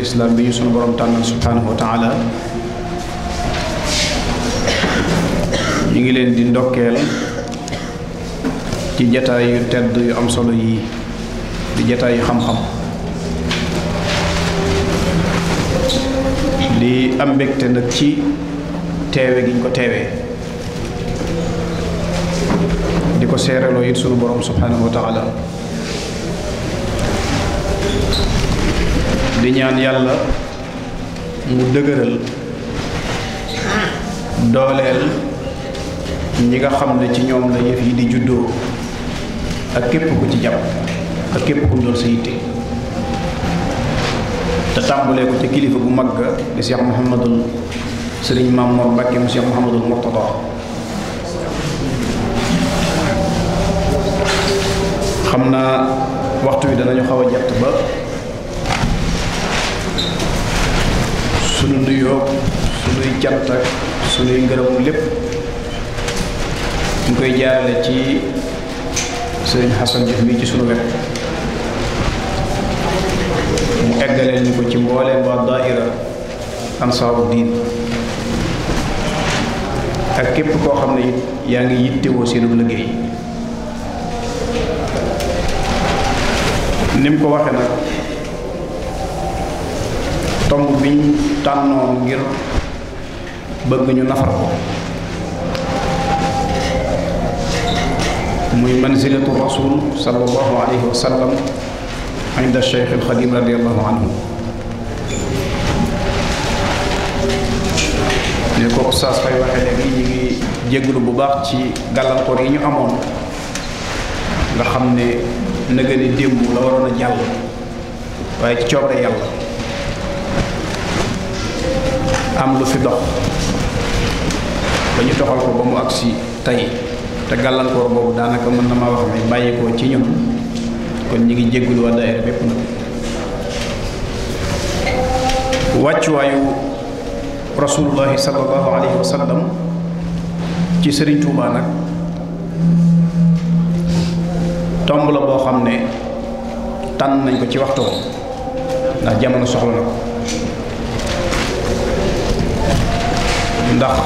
yoonu islam bi ñu sunu borom tànnal subhanahu wa taala ñu ngi leen di ndokkeel ci jataay yu tedd yu am solo yii di jataay yu xam-xam di am mbégte nag ci teewe gi ñu ko teewee di ko seereloo it sunu borom subhanahu wa taala di ñaan yàlla mu dëgëral dooleel ñi nga xam ne ci ñoom la yëf yi di juddoo ak képp ku ci jàpp ak képp ku doon sa yitte te tàmbalee ko ci kilifa bu mag di Cheikh Mouhamadul Sëriñ Maam Mor Mbàkke mu Cheikh Mouhamadul Mourtada xam naa waxtu wi danañu xaw a jet ba sunu nuyoo sunuy cant ak sunuy ngërëm lépp ñu koy jaarale ci sëriñ Xasan Juuf mi ci sunu wet mu eggaleen ñu ko ci mbooleem waa daahira ansaaru diin ak képp koo xam ne yaa ngi yittewoo seenum liggéey ni mu ko waxee nag tomb biñ tànnoon ngir bëgg ñu nafar ko muy manzilatu rasul sallallahu alayhi wa sallam inda alxadim radiallahu anhu ne ko oustaz fay waxee léegi ñu ngi jégalu bu baax ci gàllankoor yi ñu amoon nga xam ne nëgëni démb la waroon a jàll waaye ci coobare yàlla am lu fi dox ba ñu doxal ko ba mu agsi tey te gàllankoor boobu daanaka mën na maa wax ne bàyyikoo ci ñun kon ñu ngi jéggul waa daayira bépp nag wàccuwaayu rasulullahi sallallahu alayhi wa sallam ci sëriñ Tuubaa nag tomb la boo xam ne tànn nañ ko ci waxtu ndax jamono soxla na ko ndax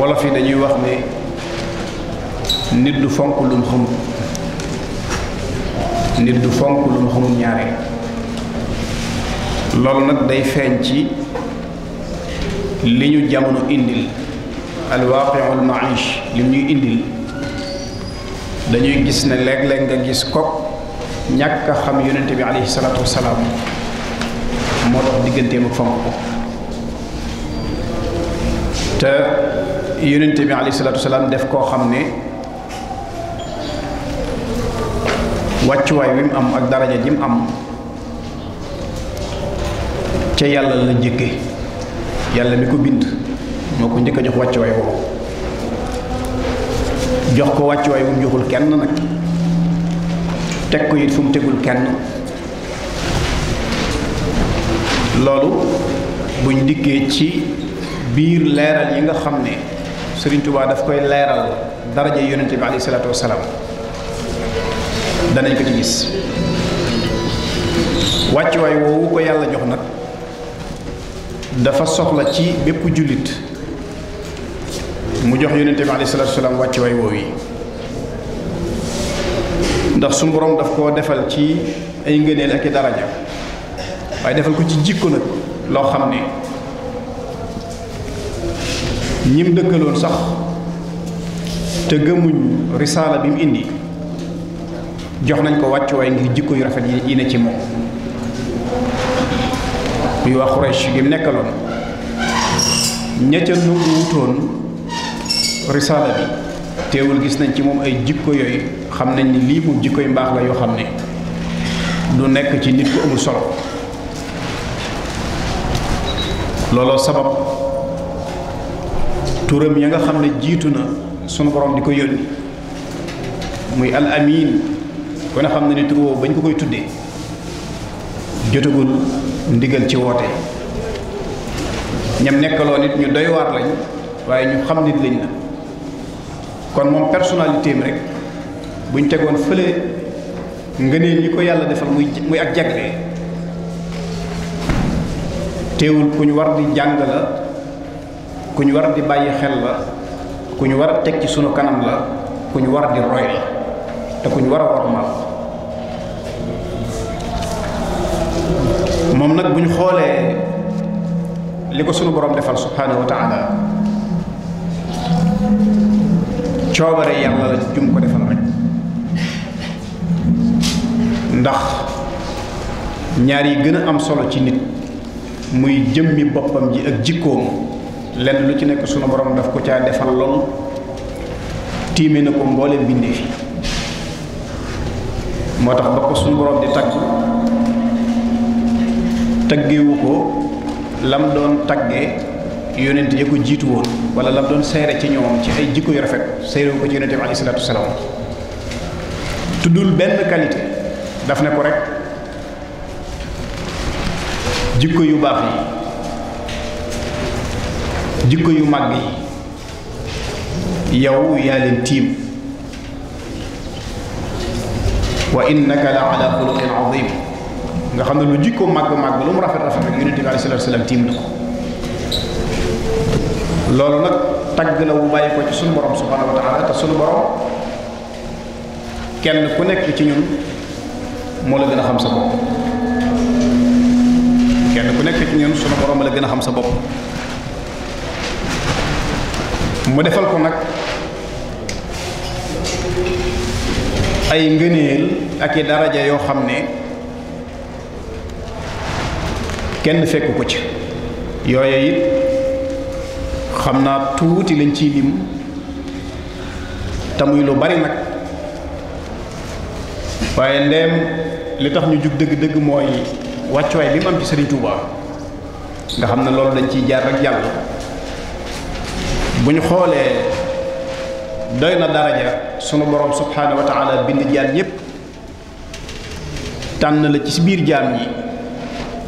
wolof yi dañuy wax ne nit du fonk lu mu xamul nit du fonk lu mu xamul ñaare loolu nag day feeñ ci li ñu jamono indil alwaaqiul maish li ñuy indil dañuy gis ne léeg-léeg nga gis ko ñàkk a xam yonente bi alayhi salaatu wasalaam moo tax digganteem fonk ko te yonent bi alayhi salaatu wasalaam def koo xam ne wàccuwaay wi mu am ak daraja ji mu am ca yàlla la njëkke yàlla bi ko bind moo ko njëkk a jox wàccuwaay woowu jox ko wàccuwaay wu mu joxul kenn nag teg ko it fu mu tegul kenn loolu buñ dikkee ci biir leeral yi nga xam ne Serigne Touba daf koy leeral daraja yonente bi alayhi salaatu wasalaam danañ ko ci gis wàccuwaay woowu ko yàlla jox nag dafa soxla ci bépp jullit mu jox yonente bi alayhi salaatu wasalaam wàccuwaay woowu yi ndax suñu borom daf koo defal ci ay ngëneel ak i daraja waaye defal ko ci jikko nag loo xam ne ñim dëkkaloon sax te gëmuñ risaala bi mu indi jox nañ ko wàccuwaay ngir jikko yu rafet yi ne ci moom muy wax Xuraysh gi mu nekkaloon ña ca nangu wutoon risaala bi teewul gis nañ ci moom ay jikko yooyu xam nañ ni lii moom jikko mbaax la yoo xam ne du nekk ci nit ku amul solo looloo sabab turam yi nga xam ne jiitu na sunu boroom di ko yónni muy al amin ku ne xam ne ni tur woowu bañ ko koy tuddee jotagul ndigal ci woote ñam nekkaloo nit ñu doy waar lañ waaye ñu xam nit lañ na kon moom personnalité am rek buñ tegoon fële ngëneel yi ko yàlla defal muy muy ak jagle teewul ku ñu war di jàng la ku ñu war di bàyyi xel la ku ñu war a teg ci sunu kanam la ku ñu war di roy la te ku ñu war a wormaal moom nag bu ñu xoolee li ko sunu borom defal subhaanahu wa taala coobare yàlla la jum ko defal rek ndax ñaar yi gën a am solo ci nit muy jëmmi boppam ji ak jikkoom lenn lu ci nekk suma borom daf ko caa defal lool tiime na ko mbooleem bindee fi moo tax ba ko sunu borom di tagg taggewu ko lam doon tagge yonent ya ko jiitu woon wala lam doon seere ci ñoom ci ay jikko yu rafet seerewu ko ci yonente bi alayhi salaatu wasalaam tuddul benn qualité daf ne ko rek jikko yu baax yi jikko yu mag yi yow yaa leen tiim wa innaka la ala xuluqin azim nga xam ne lu jikko màgg màgg lu mu rafet rafet rek yonent bi aleyhi salaatu salaam tiim na ko loolu nag tagg la wu bàyyi ko ci suñu borom subhaanahu wa taala te sunu kenn ku nekk ci ñun moo la gën a xam sa bopp kenn ku nekk ci ñun sunu xam sa bopp. mu defal ko nag ay ngëneel ak i daraja yoo xam ne kenn fekku ko ci yooye it xam naa tuuti lañ ciy lim te muy lu bari nag waaye ndeem li tax ñu jug dëgg-dëgg mooy wàccuwaay bi mu am ci Serigne Touba nga xam na loolu dañ ciy jaar ak jàll bu ñu xoolee doy na daraja sunu borom subhaanahu wa taala bind jaan ñépp tànn la ci biir jaam ñi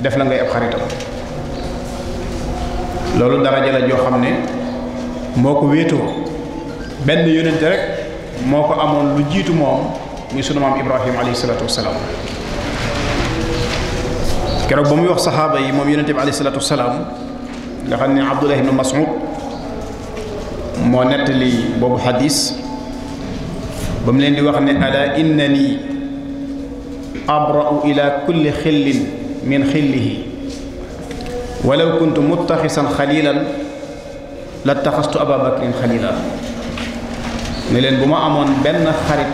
def la ngay ab xaritam loolu daraja la joo xam ne moo ko wéetoo benn yónente rek moo ko amoon lu jiitu moom muy sunu maam Ibrahim alayhi salaatu wasalaam keroog ba muy wax saxaaba yi moom yónente bi alayhi salaatu wasalaam nga xam ne Abdullah ibn Mas'ud moo nettali boobu xadis ba mu leen di wax ne ala innani abra'u ila kulli xillin min xillihi walaw kuntu muttaxisan xalilan la taxastu aba bakrin xalila ne leen bu ma amoon benn xarit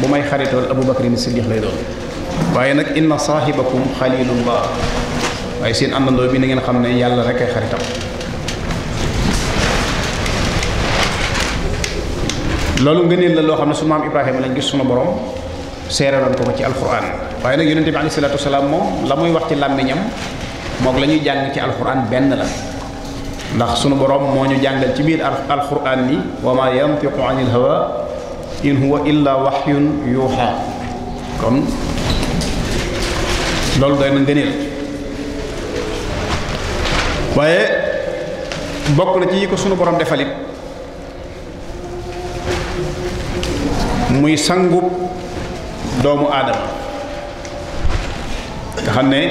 bu may xaritool abu bakrin siddiq lay doon waaye nag inna saahibakum xalilullah waaye seen àndandoo bi na ngeen xam ne yàlla rek ay xaritam loolu ngëneel la loo xam ne su maam Ibrahima lañ gis sunu borom seeraloon ko ko ci alquran waaye nag yonente bi alayhi moom la muy wax ci làmmiñam mook la ñuy jàng ci alquran benn la ndax sunu borom moo ñu jàngal ci biir alquran ni wa ma yantiqu anil hawa in huwa illa waxyun yuuxa kon loolu doy na ngëneel waaye bokk na ci yi ko sunu borom defalit muy sangub doomu aadama nga xam ne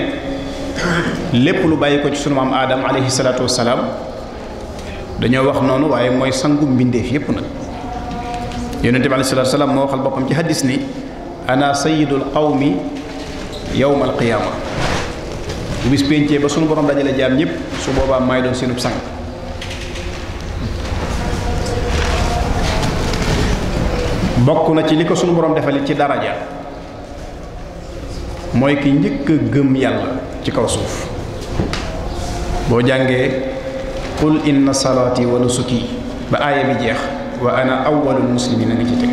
lépp lu bàyyi ko ci sunu am aadama alayhi salaatu wassalaam dañoo wax noonu waaye mooy sangub mbindeef yépp nag yonente bi alayhi salaatu wassalaam moo waxal boppam ci hadis ni ana sayidul qawmi yowmal qiyaama bu bis péncee ba sunu borom dajale jaam ñëpp su boobaa maay doon seenub sang bokk na ci li ko sunu borom defali ci daraja mooy ki njëkk a gëm yàlla ci kaw suuf boo jàngee qul inna salaati wa nusuki ba aaya bi jeex wa ana awwalul muslimina ni ci teg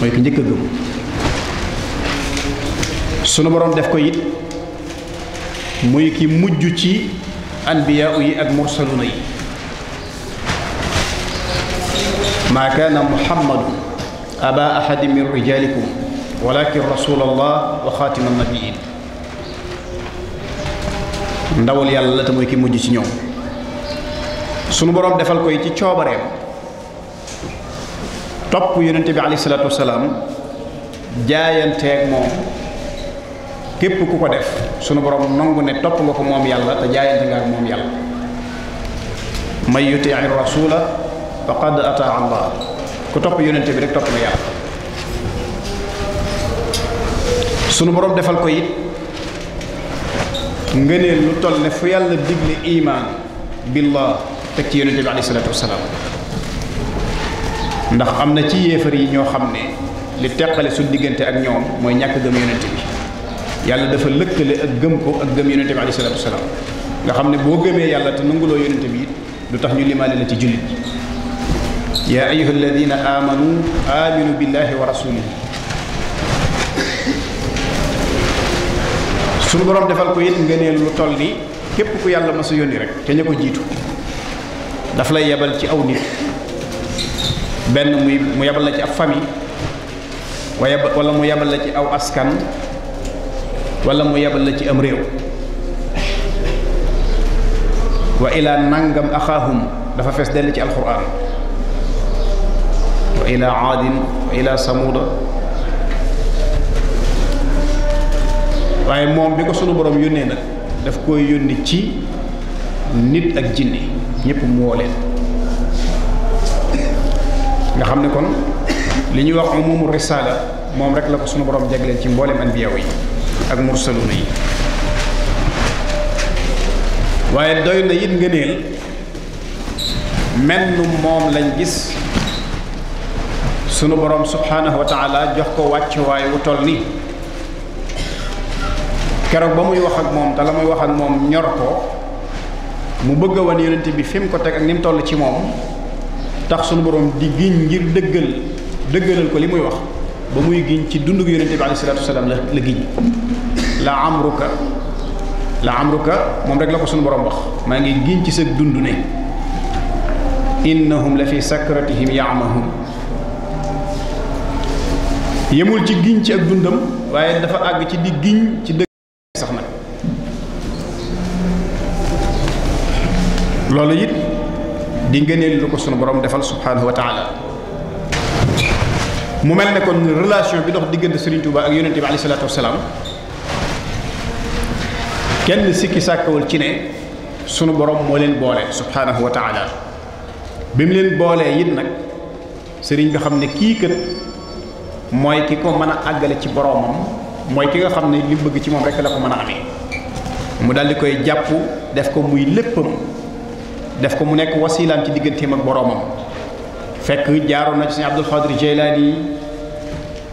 mooy ki njëkk a gëm sunu borom def ko it muy ki mujj ci anbiyaa yi ak mursaluna yi maa kaana muhammadu aba ahadin min rijalikum walakin rasul allah wa xaatima nabiyin yàlla la te mooy ki mujj ci ñoom sunu boroom defal koy ci coobareem topp yonente bi alayhi salaatu wasalaam jaayanteeg moom képp ku ko def sunu boroom nangu ne topp nga ko moom yàlla te jaayante nga ak moom yàlla man yutii rasula faqad ataa allah ku topp yonente bi rek topp na yàlla sunu borom defal ko it ngëneel lu toll ne fu yàlla digle iman billah teg ci yonente bi ndax am na ci yéefar yi ñoo xam ne li teqale suñ diggante ak ñoom mooy ñàkk gëm yonente bi yàlla dafa lëkkale ak gëm ko ak gëm yonente bi alayhi salaatu wasalaam nga xam ne boo gëmee yàlla te nanguloo yonente bi it du tax ñu limaale la ci jullit yaa ayuha alladina amanu aminu billahi wa rasulihi suñu boroom defal ko it nga ne lu toll ni képp ku yàlla masa yónni rek te ña ko jiitu daf lay yebal ci aw nit benn muy mu yebal la ci ab famille wala mu yebal la ci aw askan walla mu yebal la ci am réew wa ila nangam axaahum dafa fees dell ci alquran wa ila aadin waaye moom bi ko sunu borom yónnee nag daf koy yónni ci nit ak jinne ñépp mu woo nga xam ne kon li ñuy wax umumu risaala moom rek la ko sunu borom jagleel ci mboolem anbiyaaw yi ak mursaluuna yi waaye doy na it ngëneel menn moom lañ gis sunu borom subhanahu wa taala jox ko wàccuwaay wu toll nii keroog ba muy wax ak moom te la muy wax ak moom ñor ko mu bëgg a wan yonent bi fi mu ko teg ak ni toll ci moom tax sunu boroom di giñ ngir dëggal dëggalal ko li muy wax ba muy giñ ci dundug yonent bi alayhi salaatu wasalaam la la giñ la amruka la amruka moom rek la ko sunu borom wax maa ngi giñ ci sa dund ne innahum la fi sakratihim yaamahun yemul ci giñ ci ak dundam waaye dafa àgg ci di giñ ci dëgg sax nag loolu yit di ngëneel lu ko sunu borom defal subhanahu wa mu mel ne kon relation bi ndox diggante Serigne Touba ak yonente bi alayhi salaatu wasalaam kenn sikki sàkkawul ci ne sunu borom moo leen boole subhanahu wa taala bi mu leen boolee it nag sëriñ bi xam ne kii kat mooy ki ko mën a àggale ci boroomam mooy ki nga xam ne li bëgg ci moom rekk la ko mën a amee mu dal di koy jàpp def ko muy léppam def ko mu nekk wasiilaam ci digganteem ak boroomam fekk jaaroon na ci Serigne Abdul Xaadir Jeylaani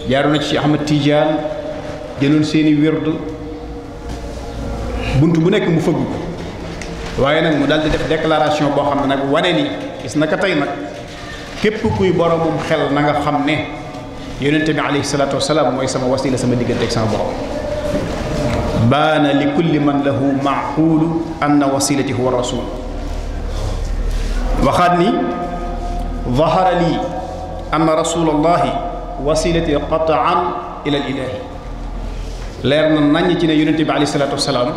jaaroon na ci Ahmad Tijaan jëloon seeni wird bunt bu nekk mu fëgg ko waaye nag mu daal di def déclaration boo xam ne nag wane ni gis na ko tey nag képp kuy boroomum xel na nga xam ne yonente bi alayhi salaatu wasalaam mooy sama wasila sama digganteeg sama borom baana li kulli man lahu maxuulu anna wasilati huwa rasul waxaat ni dahara lii anna rasul allahi wasilati qataan ila al leer na naññ ci ne yonente bi alayhi salaatu wasalaam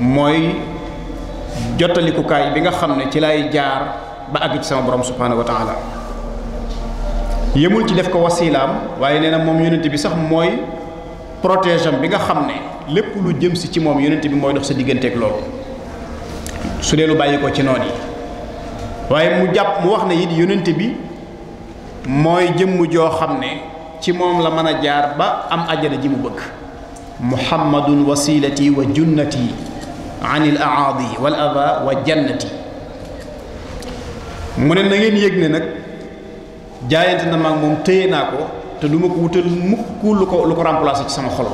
mooy jottalikukaay bi nga xam ne ci lay jaar ba àgg ci sama borom subhanahu wa taala yëmul ci def ko wasilaam waaye nee na moom yonent bi sax mooy protège am bi nga xam ne lépp lu jëm si ci moom yonent bi mooy dox sa digganteeg loolu su dee lu bàyyi ko ci noon yi waaye mu jàpp mu wax na it yonent bi mooy jëmm joo xam ne ci moom la mën a jaar ba am ajjana ji mu bëgg muhammadun wasilati wa junnati an il aadi wal ada wa jannati mu ne na ngeen yëg ne nag jaayante na maag moom téye naa ko te du ma ko wutal mukk lu ko lu ko remplacer ci sama xol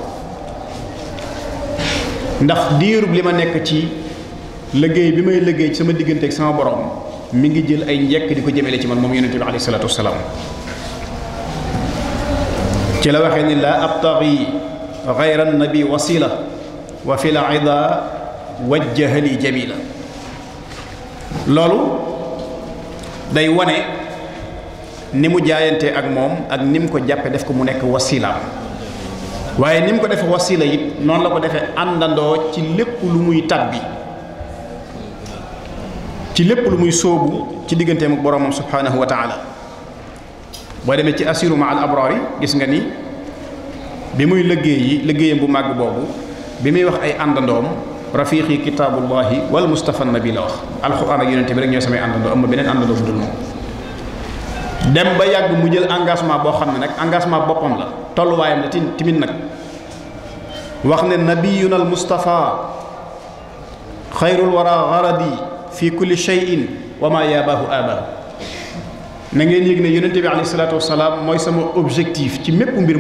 ndax diirub li ma nekk ci liggéey bi may liggéey ci sama diggante ak sama borom mi ngi jël ay njekk di ko jëmele ci man moom yonente bi alayhi salaatu wasalaam ci la waxee ni la abtaxi gayra nabi wasila wa fi la ida wajjahali jamila loolu day wone ni mu jaayantee ak moom ak ni mu ko jàppe def ko mu nekk wasilaam waaye ni mu ko defe wasila it noonu la ko defee àndandoo ci lépp lu muy tat bi ci lépp lu muy sóobu ci diggante mu boromam subhanahu wa taala boo demee ci asiru ma al abraar yi gis nga ni bi muy liggéey liggéeyam bu màgg boobu bi muy wax ay àndandoom rafiqi kitaabullahi wal mustafa nabi la wax alquran ak yonente bi rek ñooy samay àndandoo am beneen àndandoo bu dul moom dem ba yàgg mu jël engagement boo xam ne nag engagement boppam la tolluwaayam la timit nag wax ne nabiyuna al mustafa xayrul wara garadi fi kulli shay'in wa ma yabaahu abaahu na ngeen yëg ne yonente bi alayhi salaatu wasalaam mooy sama objectif ci mépp mbir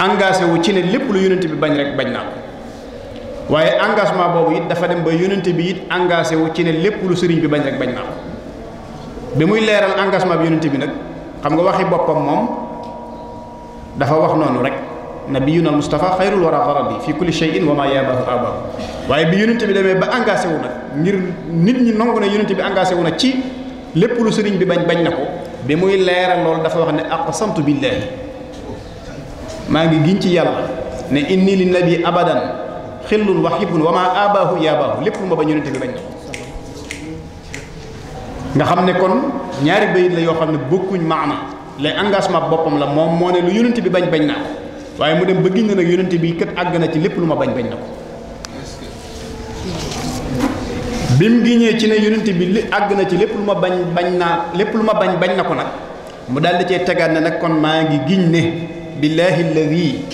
engagé wu ci ne lépp lu yonente bi bañ rek bañ naa ko waaye engagement boobu it dafa dem ba yonente bi it engagé wu ci ne lépp lu sëriñ bi bañ rek bañ naa ko bi muy leeral engagement bi yonent bi nag xam nga waxi boppam moom dafa wax noonu rek nabiyuna al mustafa xayrul wara bi fi kulli shay'in wa ma yabahu abahu waaye bi yonent bi demee ba engagé wu nag ngir nit ñi nangu na yonent bi engagé wu na ci lépp lu sëriñ bi bañ bañ na ko bi muy leeral loolu dafa wax ne aqsamtu billahi maa ngi giiñ ci yàlla ne inni li nabi abadan xillul waxibun wa ma abahu yabahu lépp lu ma bañ yonent bi bañ na nga xam ne kon ñaari bayit la yoo xam ne bokkuñ maana lay engagement boppam la moom moo ne lu yonent bi bañ bañ naa ko waaye mu dem ba giñ na nag yonent bi kat àgg na ci lépp lu ma bañ bañ na ko ci ne bi àgg na ci lépp lu ma bañ bañ naa lépp lu ma bañ bañ na ko nag mu daal di tegal tegaat ne nag kon maa ngi giñ ne billaahi alladi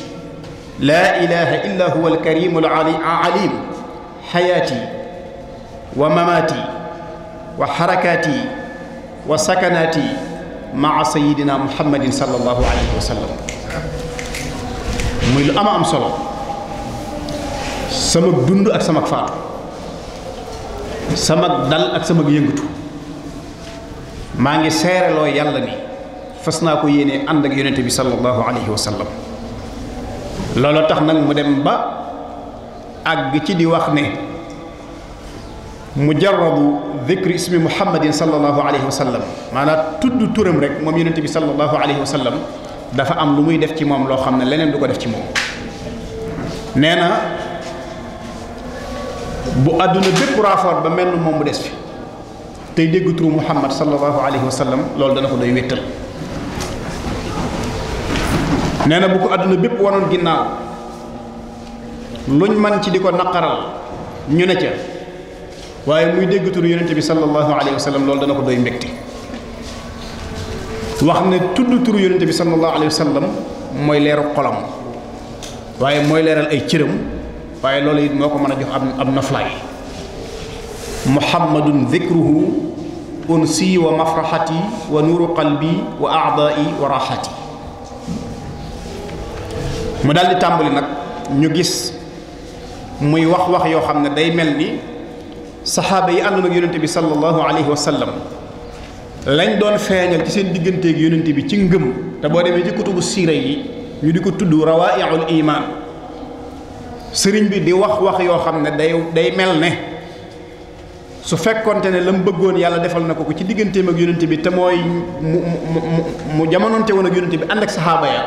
laa ilaha illa huwa alkarimu alalim xayaati wa mamaati wa xarakaati yi wa sakanaati yi maa sayidina muhammadin sallallahu alayhi wa sallam muy lu ama am solo sama dund ak sama faatu sama dal ak sama yëngatu maa ngi seereloo yàlla ni fas naa ko yéene ànd ak yonente bi sallallahu alayhi wa sallam loolu tax nag mu dem ba àgg ci di wax ne mujarradu dhikri ismi muhammadin sallallahu alayhi wa sallam maanaam tudd turam rek moom yonente bi sallallahu alayhi wa sallam dafa am lu muy def ci moom loo xam ne leneen du ko def ci moom nee na bu àdduna bépp raafoor ba mel ni moom mu des fi tey dégg turu muhammad sallallahu alayhi wa sallam loolu dana ko doy wéttal nee na bu ko àdduna bépp wanoon ginnaaw luñ man ci di ko naqaral ñu ne ca waaye muy dégg turu yonente bi sallallahu alayhi wa sallam loolu dana ko doy mbégte wax ne tudd turu yonente bi sallallahu wa sallam mooy leeru xolam waaye mooy leeral ay cëram waaye loolu it moo ko mën a jox am am naflaay muhammadun dhikruhu unsi wa mafraxati wa nuuru qalbi wa aadaai wa mu daal di tàmbali nag ñu gis muy wax wax yoo xam ne day mel ni saxaaba yi àndoon ak yonente bi sallallahu alayhi wa sallam lañ doon feeñal ci seen digganteeg yonente bi ci ngëm te boo demee ci kutubu siira yi ñu di ko tudd rawaa'iul iman sëriñ bi di wax wax yoo xam ne day day mel ne su fekkonte ne la mu bëggoon yàlla defal na ko ko ci digganteem ak yonente bi te mooy mu mu mu jamononte woon ak yonente bi ànd ak saxaaba ya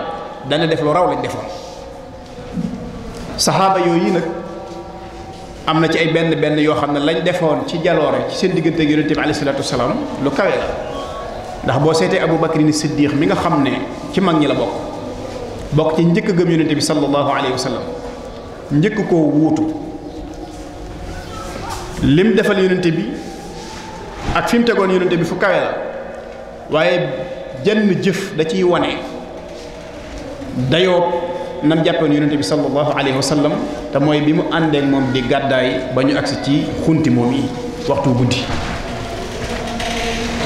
dana def lu raw lañ defoon saxaaba yooyu nag. am na ci ay benn benn yoo xam ne lañ defoon ci jaloore ci seen diggante ak yonente bi alayhi salaatu lu kawe la ndax boo seetee Abu Bakrin Siddiq mi nga xam ne ci mag ñi la bokk bokk ci njëkk gëm yonente bi sallallahu alayhi wa njëkk ko wuutu lim defal yonente bi ak fi mu tegoon yonente bi fu kawe la waaye jenn jëf da ciy wone dayoo nam jàppoon yonente bi sallallahu alayhi wa sallam te mooy bi mu àndeek moom di gàddaay ba ñu agsi ci xunti moom yi waxtu guddi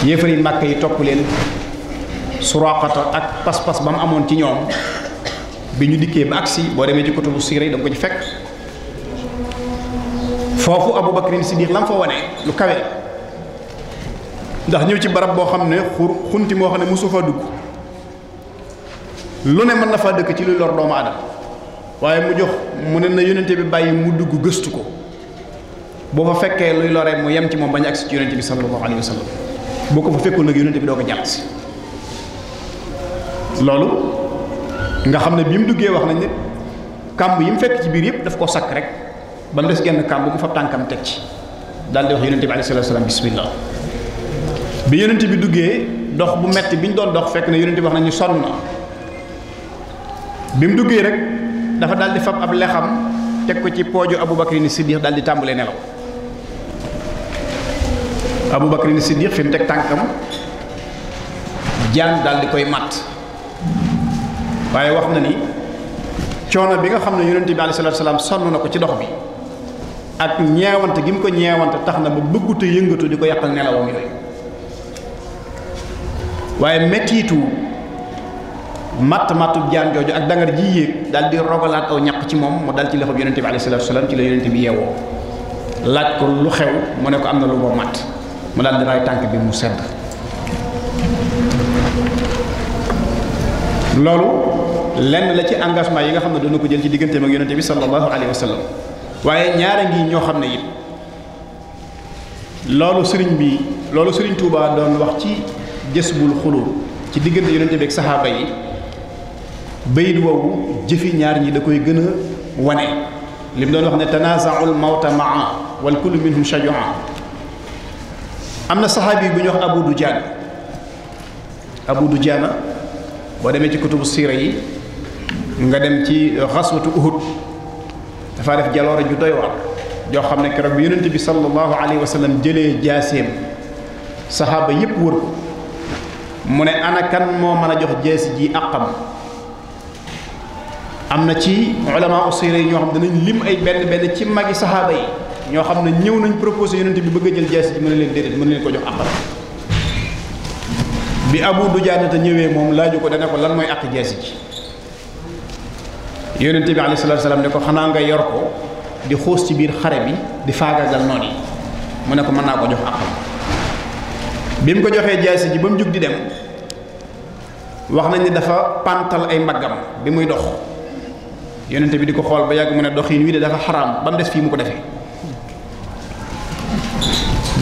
yéefar yi màkk yi topp leen suraqata ak pas-pas ba mu amoon ci ñoom bi ñu dikkee ba agsi boo demee ci kutubu siira yi da nga ko ci fekk foofu Abu Bakrin Siddiq la mu fa wane lu kawe ndax ñëw ci barab boo xam ne xur xunti moo xam ne mosu fa dugg lu ne mën na faa dëkk ci luy lor doomu aadama waaye mu jox mu ne na yónnente bi bàyyi mu dugg gëstu ko boo fa fekkee luy loree mu yem ci moom bañ agsi ci yónnente bi sallallahu alayhi wa sallam boo ko fa fekkul nag yónnente bi doo ko jàll si loolu nga xam ne bii mu duggee wax nañ ne kàmb yi mu fekk ci biir yëpp daf ko sakk rek ba mu des genn kàmb bu fa tànkam teg ci daal di wax yónnente bi alayhi salaatu salaam bismillah bi yónnente bi duggee dox bu metti bi ñu doon dox fekk na yónnente wax nañ ñu sonn na bi mu duggee rek dafa daal di fab ab lexam teg ko ci pooju Aboubacrine Siddiq daal di tàmbalee nelaw Aboubacrine Siddiq fi mu teg tànkam jaan daal di koy matt waaye wax na ni coono bi nga xam ne yonent bi alayhi salaatu salaam sonn na ko ci dox bi ak ñeewante gi mu ko ñeewante tax na ba bëggute yëngatu di ko yàqal nelawam yooyu waaye mettiitu matt mattu jaan jooju ak dangar ji yéeg daal di rogalaat aw ñaq ci moom mu dal ci loxob yonente bi alayhi salaatu salaam ci la bi yeewoo laaj ko lu xew mu ne am na lu matt mu daal di bi mu sedd loolu lenn ci engagement yi nga xam ne doon ko jël ci digganteem ak yonente bi sallallahu alayhi wa sallam waaye ñaara ngi ñoo xam ne it loolu sëriñ bi loolu sëriñ Touba doon wax ci jës bul xulul ci diggante yonente bi ak saxaaba yi bayit woowu jëfi ñaar ñi da koy gën a wane li mu doon wax ne tanaasaul mawta maa wal kullu minhum shajaa am na saxaabi bu ñuy wax abu dujaana abu jaana boo demee ci kutubu siira yi nga dem ci xaswatu uhud dafa def jaloore ju doy waar joo xam ne keroog bi yonent bi sallallahu alayhi wa sallam jëlee jaaseem saxaaba yépp wër ko mu ne ana kan moo mën a jox jaasi ji àqam am na ci ulama usira yi ñoo xam ñu lim ay benn benn ci magi saxaaba yi ñoo xam ne ñëw nañ proposé yonent bi bëgg a jël jaasi ji mu na leen déedéet mën na leen ko jox àqam bi abu dujaanata ñëwee moom laaju ko dana ko lan mooy àq jaasi ji yonent bi alayhi salaatu salaam xanaa nga yor ko di xuus ci biir xare bi di faagaagal noon yi mu ne ko mën naa ko jox àqam bi mu ko joxee jaasi ji ba mu jug di dem wax nañ ne dafa pantal ay mbaggam bi muy dox yonente bi di ko xool ba yàgg mu ne doxin wii de dafa xaraam ba mu des fii mu ko defee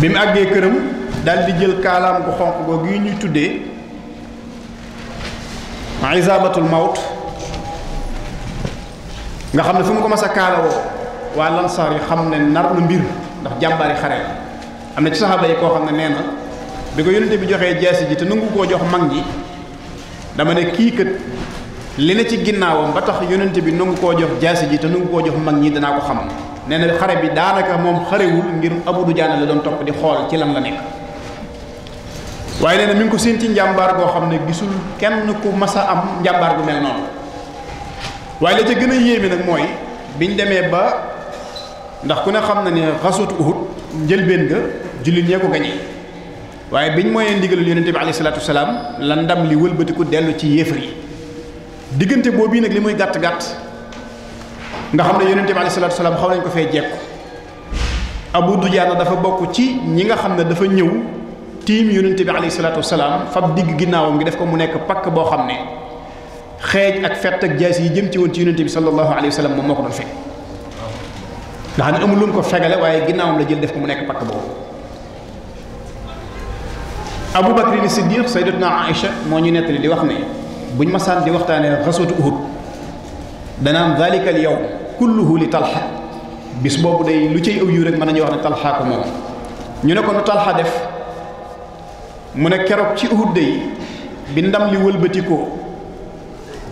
bi mu àggee këram daal di jël kaalaam gu xonq googu yi ñuy tuddee isabatul mawt nga xam ne fu mu ko mas a kaalawoo waa lansaar yi xam ne nar na mbir ndax jàmbaari xare am na ci saxaaba yi koo xam ne nee na bi ko yonente bi joxee jaasi ji te nangu koo jox mag ñi dama ne kii kët li na ci ginnaawam ba tax yonent bi nangu koo jox jaasi ji te nangu koo jox mag ñi danaa ko xam nee ne xare bi daanaka moom xarewul ngir Abu Dujaana la doon topp di xool ci lan la nekk waaye nee na mi ngi ko seen ci njàmbaar goo xam ne gisul kenn ku mas a am njàmbaar gu mel noonu waaye la ca gën a yéeme nag mooy biñ demee ba ndax ku ne xam na ne xasuutu Uhud njëlbeen nga jullit ñee ko gañee waaye biñ mooyee ndigalul yonent bi alayhi salaatu wasalaam ndam li wëlbatiku dellu ci yéefar yi diggante boobu nag li muy gàtt gàtt nga xam ne yonent bi alayhi salaatu salaam xaw nañ ko fee jekku Abu Dujaana dafa bokk ci ñi nga xam ne dafa ñëw tiim yonent bi alayhi salaatu wasalaam fab digg ginnaawam ngi def ko mu nekk pakk boo xam ne xeej ak fett ak jaas yi jëm ci woon ci yonent bi sallallahu alayhi wa sallam moom moo ko doon fekk nga xam ne amul lu ko fegale waaye ginnaawam la jël def ko mu nekk pakk boobu Abu Bakrin Siddiq Sayyidatuna Aïcha moo ñu nettali di wax ne buñ masaan di waxtaanee xaswatu uhud danaan zalikal yow kulluhu li talxa bis boobu day lu cay aw yu rek mën nañu wax ne talxa ko ñu ne ko nu talxa def mu ne keroog ci uhud day bi ndam li wëlbatikoo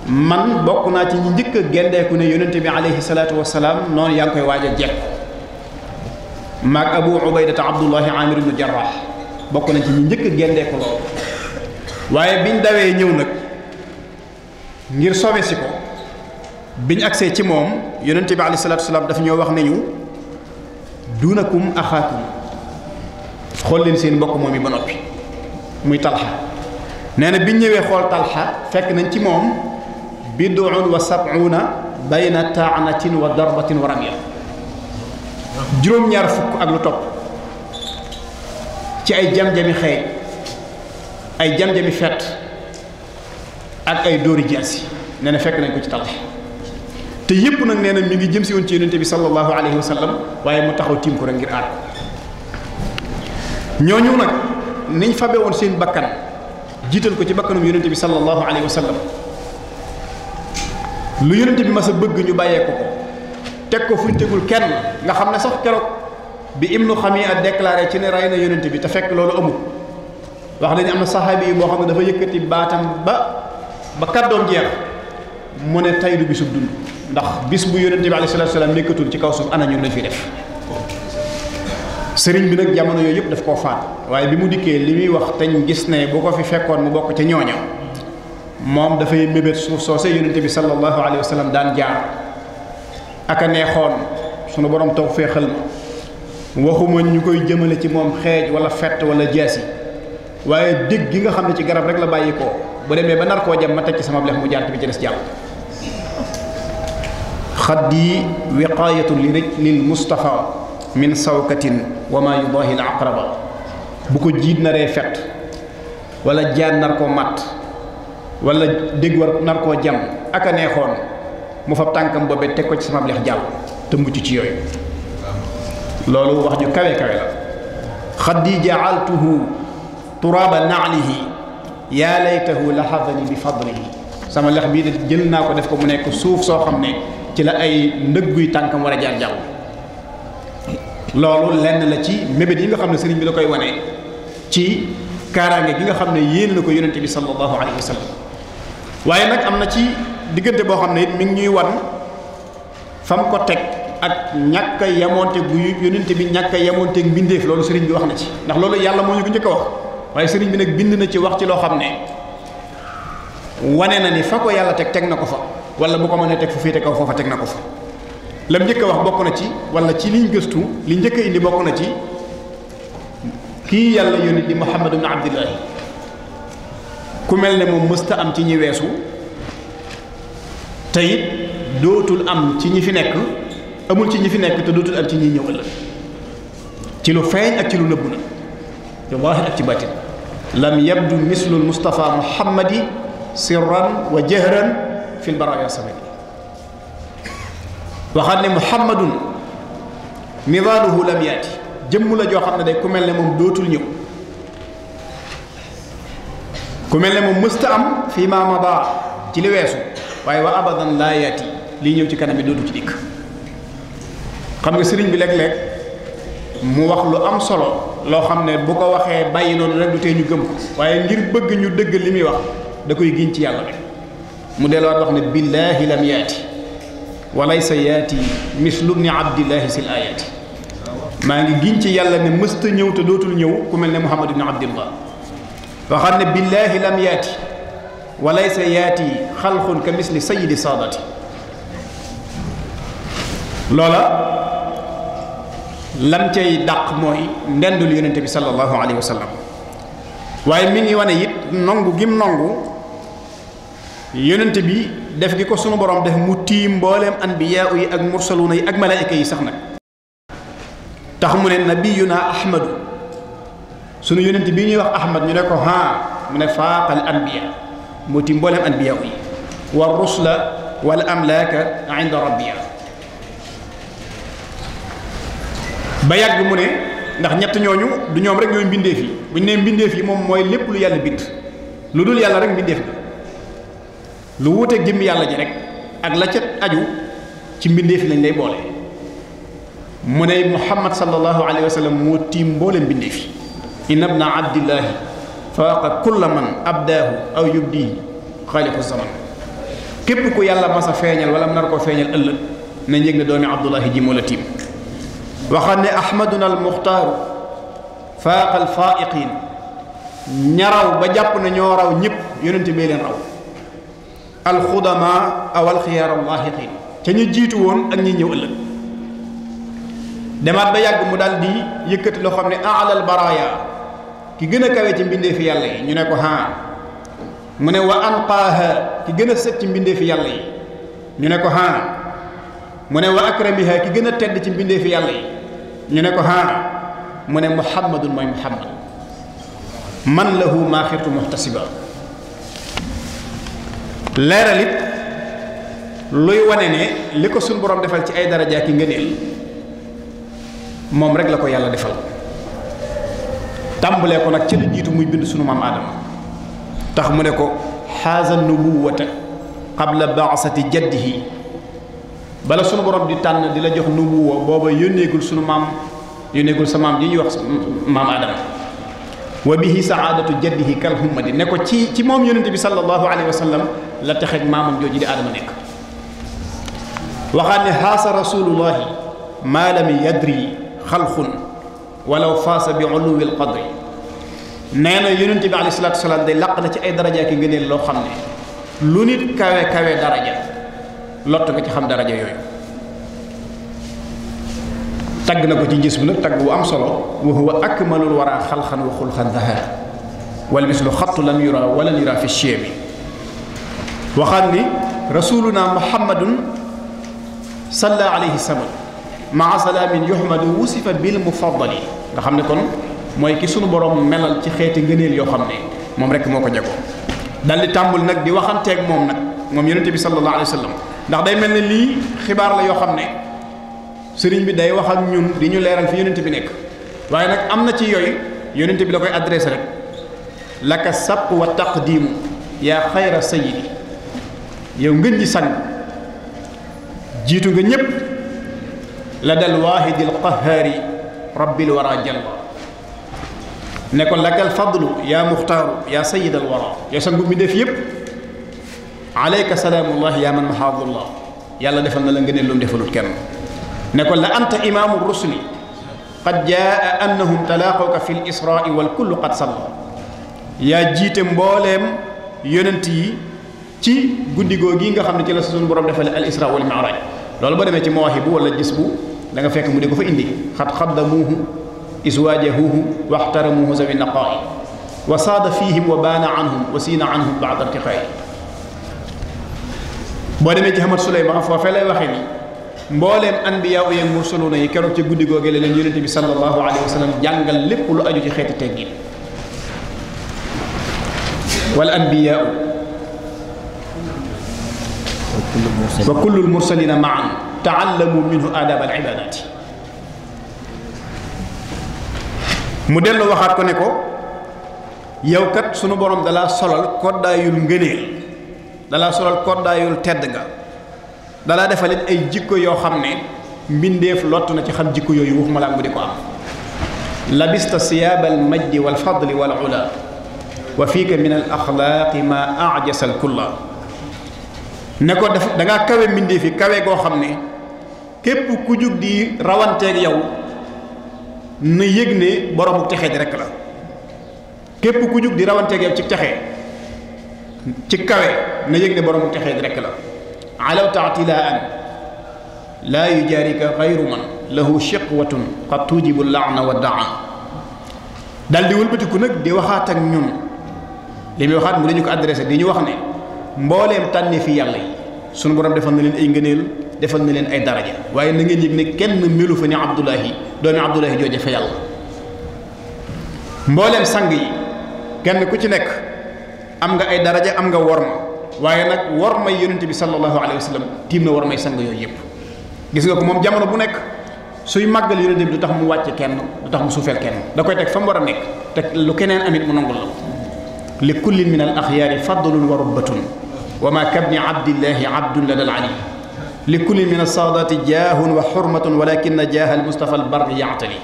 man bokk naa ci ñi njëkk a gendeeku ne yonente bi alayhi salaatu wasalaam noonu yaa ngi koy waaj a jekk maag abu ubaydata abdullahi amir ibnu jarrah bokk nañ ci ñi njëkk a gendeeku loolu waaye biñ dawee ñëw nag ngir sowe si ko biñ agsee ci moom yonente bi alayhi salaatu salaam dafa ñoo wax nañu ñu dunakum axaakum xool leen seen mbokk moom yi ba noppi muy talxa nee na biñ ñëwee xool talxa fekk nañ ci moom bid'un wa sab'una bayna taanatin wa darbatin wa ramya juróom-ñaar fukk ak lu topp ci ay jam-jami xëy ay jam-jami fett ak ay dóori jaas yi nee na fekk nañ ko ci tàll te yépp nag nee na mi ngi jëm si ci yonente bi sallallahu alayhi wa sallam waaye mu taxaw tiim ko rek ngir aar ñooñu nag niñ fabe woon seen bakkan jiital ko ci bakkanum yonente bi sallallahu alayhi wa sallam lu yonente bi mas a bëgg ñu bàyyee ko teg ko fuñ tegul kenn nga xam ne sax keroog bi xam yi xamiya déclaré ci ne rey na yonente bi te fekk loolu amul wax nañu am na saxaabi boo xam ne dafa ba kàddoom jeex mu ne tey du bisu dund ndax bis bu yonente bi alayhi salaatu salaam nekkatul ci kaw suuf ana ñu lañ fi def sëriñ bi nag jamono yooyu yëpp daf koo faat waaye bi mu dikkee li muy wax teñ gis ne boo ko fi fekkoon mu bokk ca ñooña moom dafay mébét suuf soose yonente bi sallallahu alayhi wa sallam daan jaar ak a neexoon sunu borom taw féexal ma waxuma ñu koy jëmale ci moom xeej wala fett wala jees yi waaye dégg gi nga xam ne ci garab rek la bàyyi ko bu demee ba nar koo jam ma teg ci sama lex mu jaar ci bi ci des jàll xaddi wiqaayatu li rëj lil mustafa min sawkatin wa ma yudahi al aqraba ko jiit naree fet wala jaan nar koo matt wala koo jam ak a neexoon mu fab tànkam boobee teg ko ci sama lex jàll te mucc ci yooyu loolu wax ju kawe kawe la xaddi jaaltuhu turaaba naalihi yaa laytahu lahadani bi fadlihi sama lex bii de jël naa ko def ko mu nekk suuf soo xam ne ci la ay ndëgg ndëgguy tànkam war a jaar jàll loolu lenn la ci mébét yi nga xam ne sëriñ bi da koy wane ci kaaraange gi nga xam ne yéen na ko yonente bi sallallahu alayhi wa sallam waaye nag am na ci diggante boo xam ne it mi ngi ñuy wan fa mu ko teg ak ñàkk a yamonte bu yonente bi ñàkk a yamonte mbindeef loolu sëriñ bi wax na ci ndax loolu yàlla moo ñu ko wax waaye sëriñ bi nag bind na ci wax ci loo xam ne wane na ni fa ko yàlla teg teg na ko fa wala bu ko mënee teg fu fii teg ko foofa teg na ko fa la njëkk a wax bokk na ci wala ci liñ gëstu li njëkk a bokk na ci kii yàlla yónni di Muhammad mel ne moom mësta am ci ñi weesu te dootul am ci ñi fi nekk amul ci ñi fi nekk te dootul ci ñi ñëw ëllëg lu feeñ ak ci lu nëbbu na ci waaxit ak ci bàttin lam yabdu mislu Moustapha Muhammadi sirran wa jahran fil baraaya samadi waxaat ne Muhammadun midaaluhu lam yaati jëmm la joo xam ne day ku mel ne moom dootul ñëw ku mel ne moom mësta am fii ma madaa ci li weesu waaye wa abadan laa yaati lii ñëw ci kanam bi dootu ci dikk xam nga sëriñ bi léeg-léeg mu wax lu am solo. loo xam ne bu ko waxee bàyyi noonu rek du tee ñu gëm ko waaye ngir bëgg ñu dëgg li muy wax da koy giñ ci yàlla rek mu delluwaat wax ne billaahi lam yaati walaysa yaati mislu bni abdillahi sil ayaati maa ngi giñ ci yàlla ne mësta ñëw te dootul ñëw ku mel ne muhammad ibni abdillah waxaat ne billaahi lam yaati sa yaati xalqun ka misli sayidi saadati loola lam cay dàq mooy ndendul yonent bi sallallahu alayhi wa sallam waaye mi ngi wane yit nongu gim nongu yonent bi def gi ko suma borom def mu tiim mbooleem anbiyaa yi ak mursaluuna yi ak malaayika yi sax nag tax mu ne nabiyuna ahmadu sunu yonent bi ñuy wax ahmad ñu ne ko haa mu ne faaqal anbiyaa mu tiim mbooleem anbiyaa yi wa rusla wal amlaaka inda rabbiya ba yàgg mu ne ndax ñett ñooñu du ñoom rek ñooy mbindeef yi bu ñu nee mbindeef yi moom mooy lépp lu yàlla bind lu dul yàlla rek mbindeef la lu wuuteeg jëmm yàlla ji rek ak la ca aju ci mbindeef lañ lay boole mu ne muhammad sallallahu alayhi wa sallam moo tiim mboole mbindeef yi inna ibna abdillahi faaqa kulla man abdaahu aw yubdihi xaaliqu zaman képp ku yàlla mas sa feeñal wala nar ko feeñal ëllëg na njëg ne doomi abdullahi ji moo la tiim waxoon ne ahmaduna al muxtaaru faaqa al faa'iqiin ña ba jàpp na ñoo raw ñëpp yonente bee leen raw alxudama aw alxiyaar allaahiqiin ca ñu jiitu woon ak ñuy ñëw ëllëg demaat ba yàgg mu daal di yëkkati loo xam ne alal baraaya ki gën a kawe ci mbindee fi yàlla yi ñu ne ko haa mu ne wa anqaaha ki gën a set ci mbindee fi yàlla yi ñu ne ko haa mu ne wa akramiha ki gën a tedd ci mbindee fi yàlla yi ñu ne ko ha mu ne muhammadun mooy muhammad man lahu maa xirtu muhtasiba leeral it luy wane ne li ko suñu borom defal ci ay daraja ki ngëneel moom rek la ko yàlla defal tàmbalee ko nag ci li jiitu muy bind sunu maam aadama tax mu ne ko xaasa nubuwata qabla baasati jaddihi bala sunu borom di tànn di la jox nubuwa booba yónneegul sunu maam yónneegul sa maam ji ñuy wax maam Adama wa bihi saadatu jaddihi kal hummadi ne ko ci ci moom yonente bi sallallahu alayhi wa sallam la texeeg maamam jooju di Adama nekk waxaat ne xaasa rasulullahi maa lam yadri xalqun walaw faasa bi uluwi lqadri nee na yonente bi alayhi salatu wasalaam day làq na ci ay daraja ki ngëneel loo xam ne lu nit kawe kawe daraja lott nga ci xam daraja yooyu tagg na ko ci gis bu nag tagg bu am solo wa huwa akmalul wara xalxan wa xulxan zahara wal mislu xattu lam yura ni yura fi chebi waxaat ni rasuluna muhammadun salla alayhi salam maa salaamin yuhmadu wusifa bil mufaddali nga xam ne kon mooy kii sunu borom melal ci xeeti ngëneel yoo xam ne moom rek moo ko jagoo dal di tàmbul nag di waxanteek moom nag moom yonente bi sallallahu alayhi wa ndax day mel na lii xibaar la yoo xam ne sëriñ bi day wax ak ñun di ñu leeral fi yonent bi nekk waaye nag am na ci yooyu yonent bi da koy adressé rek laka sàpp wa taqdimu yaa xayra sayidi yow ngën ji sang jiitu nga ñépp la dal waahidi alqahaari rabbil wara jalla ne ko lakal fadlu yaa muxtaaru yaa sayid alwara yow sangu mi def yépp alayka salaamullah yaa man mahaadullah yàlla defal na la ngëneel lu mu defalul ne ko la anta imaamu rusuli qad jaa annahum talaaqawka fi l israi wal kullu qad salla yaa jiite mboolem yonent yi ci guddigoo gii nga xam ne ci la suñu borom defale al isra wal mi'raj loolu ba demee ci mawaahibu wala gis bu da fekk mu di fa indi xat xaddamuuhu iswaajahuuhu waxtaramuuhu zawi naqaa'i wa saada fihim wa baana anhum wa siina anhum baada irtiqaa'i boo demee ci xamat suleyman foofee lay waxee ni mbooleem anbiya yi mursaluuna yi keroog ci guddi googu la leen yonent bi sallallahu alayhi wa sallam jàngal lépp lu aju ci xeeti teggin wal anbiya wa kullul mursalina maan taallamu minhu adab al mu dellu waxaat ko ne ko yow kat sunu borom dalaa solal koddaayul ngëneel dalaa solal koddaayul tedd nga dalaa defal it ay jikko yoo xam ne mbindeef lott na ci xam jikko yooyu waxuma bu mu di ko am labista siyaaba almajdi walfadli wal ula wa fiika min al axlaaqi ma ajasa al ne ko def danga ngaa kawe mbindeef yi kawe goo xam ne képp ku jug di rawanteeg yow na yëg ne boroomu texe di rek la képp ku di rawanteeg yow ci texe ci kawe na yëg ne borom texeet rekk la alaw taatilaan laa yujaarika xayru man lahu shiqwatun qad tujibu na wa daa dal di wëlbatiku nag di waxaat ak ñun li muy waxaat mu dañu ko adressé di ñu wax ne mbooleem tànnee fi yàlla yi sunu borom defal na leen ay ngëneel defal na leen ay daraja waaye na ngeen ne kenn melu fa ni Abdullahi doomi Abdullahi jooje fa yàlla mbooleem sang yi kenn ku ci nekk am nga ay daraja am nga worma waaye nag wormay yonente bi sallallahu alayhi wa sallam tiim na wormay sang yooyu yëpp gis nga ko moom jamono bu nekk suy màggal yonente bi du tax mu wàcce kenn du tax mu suufeel kenn da koy teg fa mu war a nekk te lu keneen amit mu nangul la li kullin min al axyaari fadlun wa rubbatun wa ma kabni abdillahi abdun lada al ali li kullin min alsaadaati jaahun wa xurmatun walakinna jaaha al mustafa al barri yaatali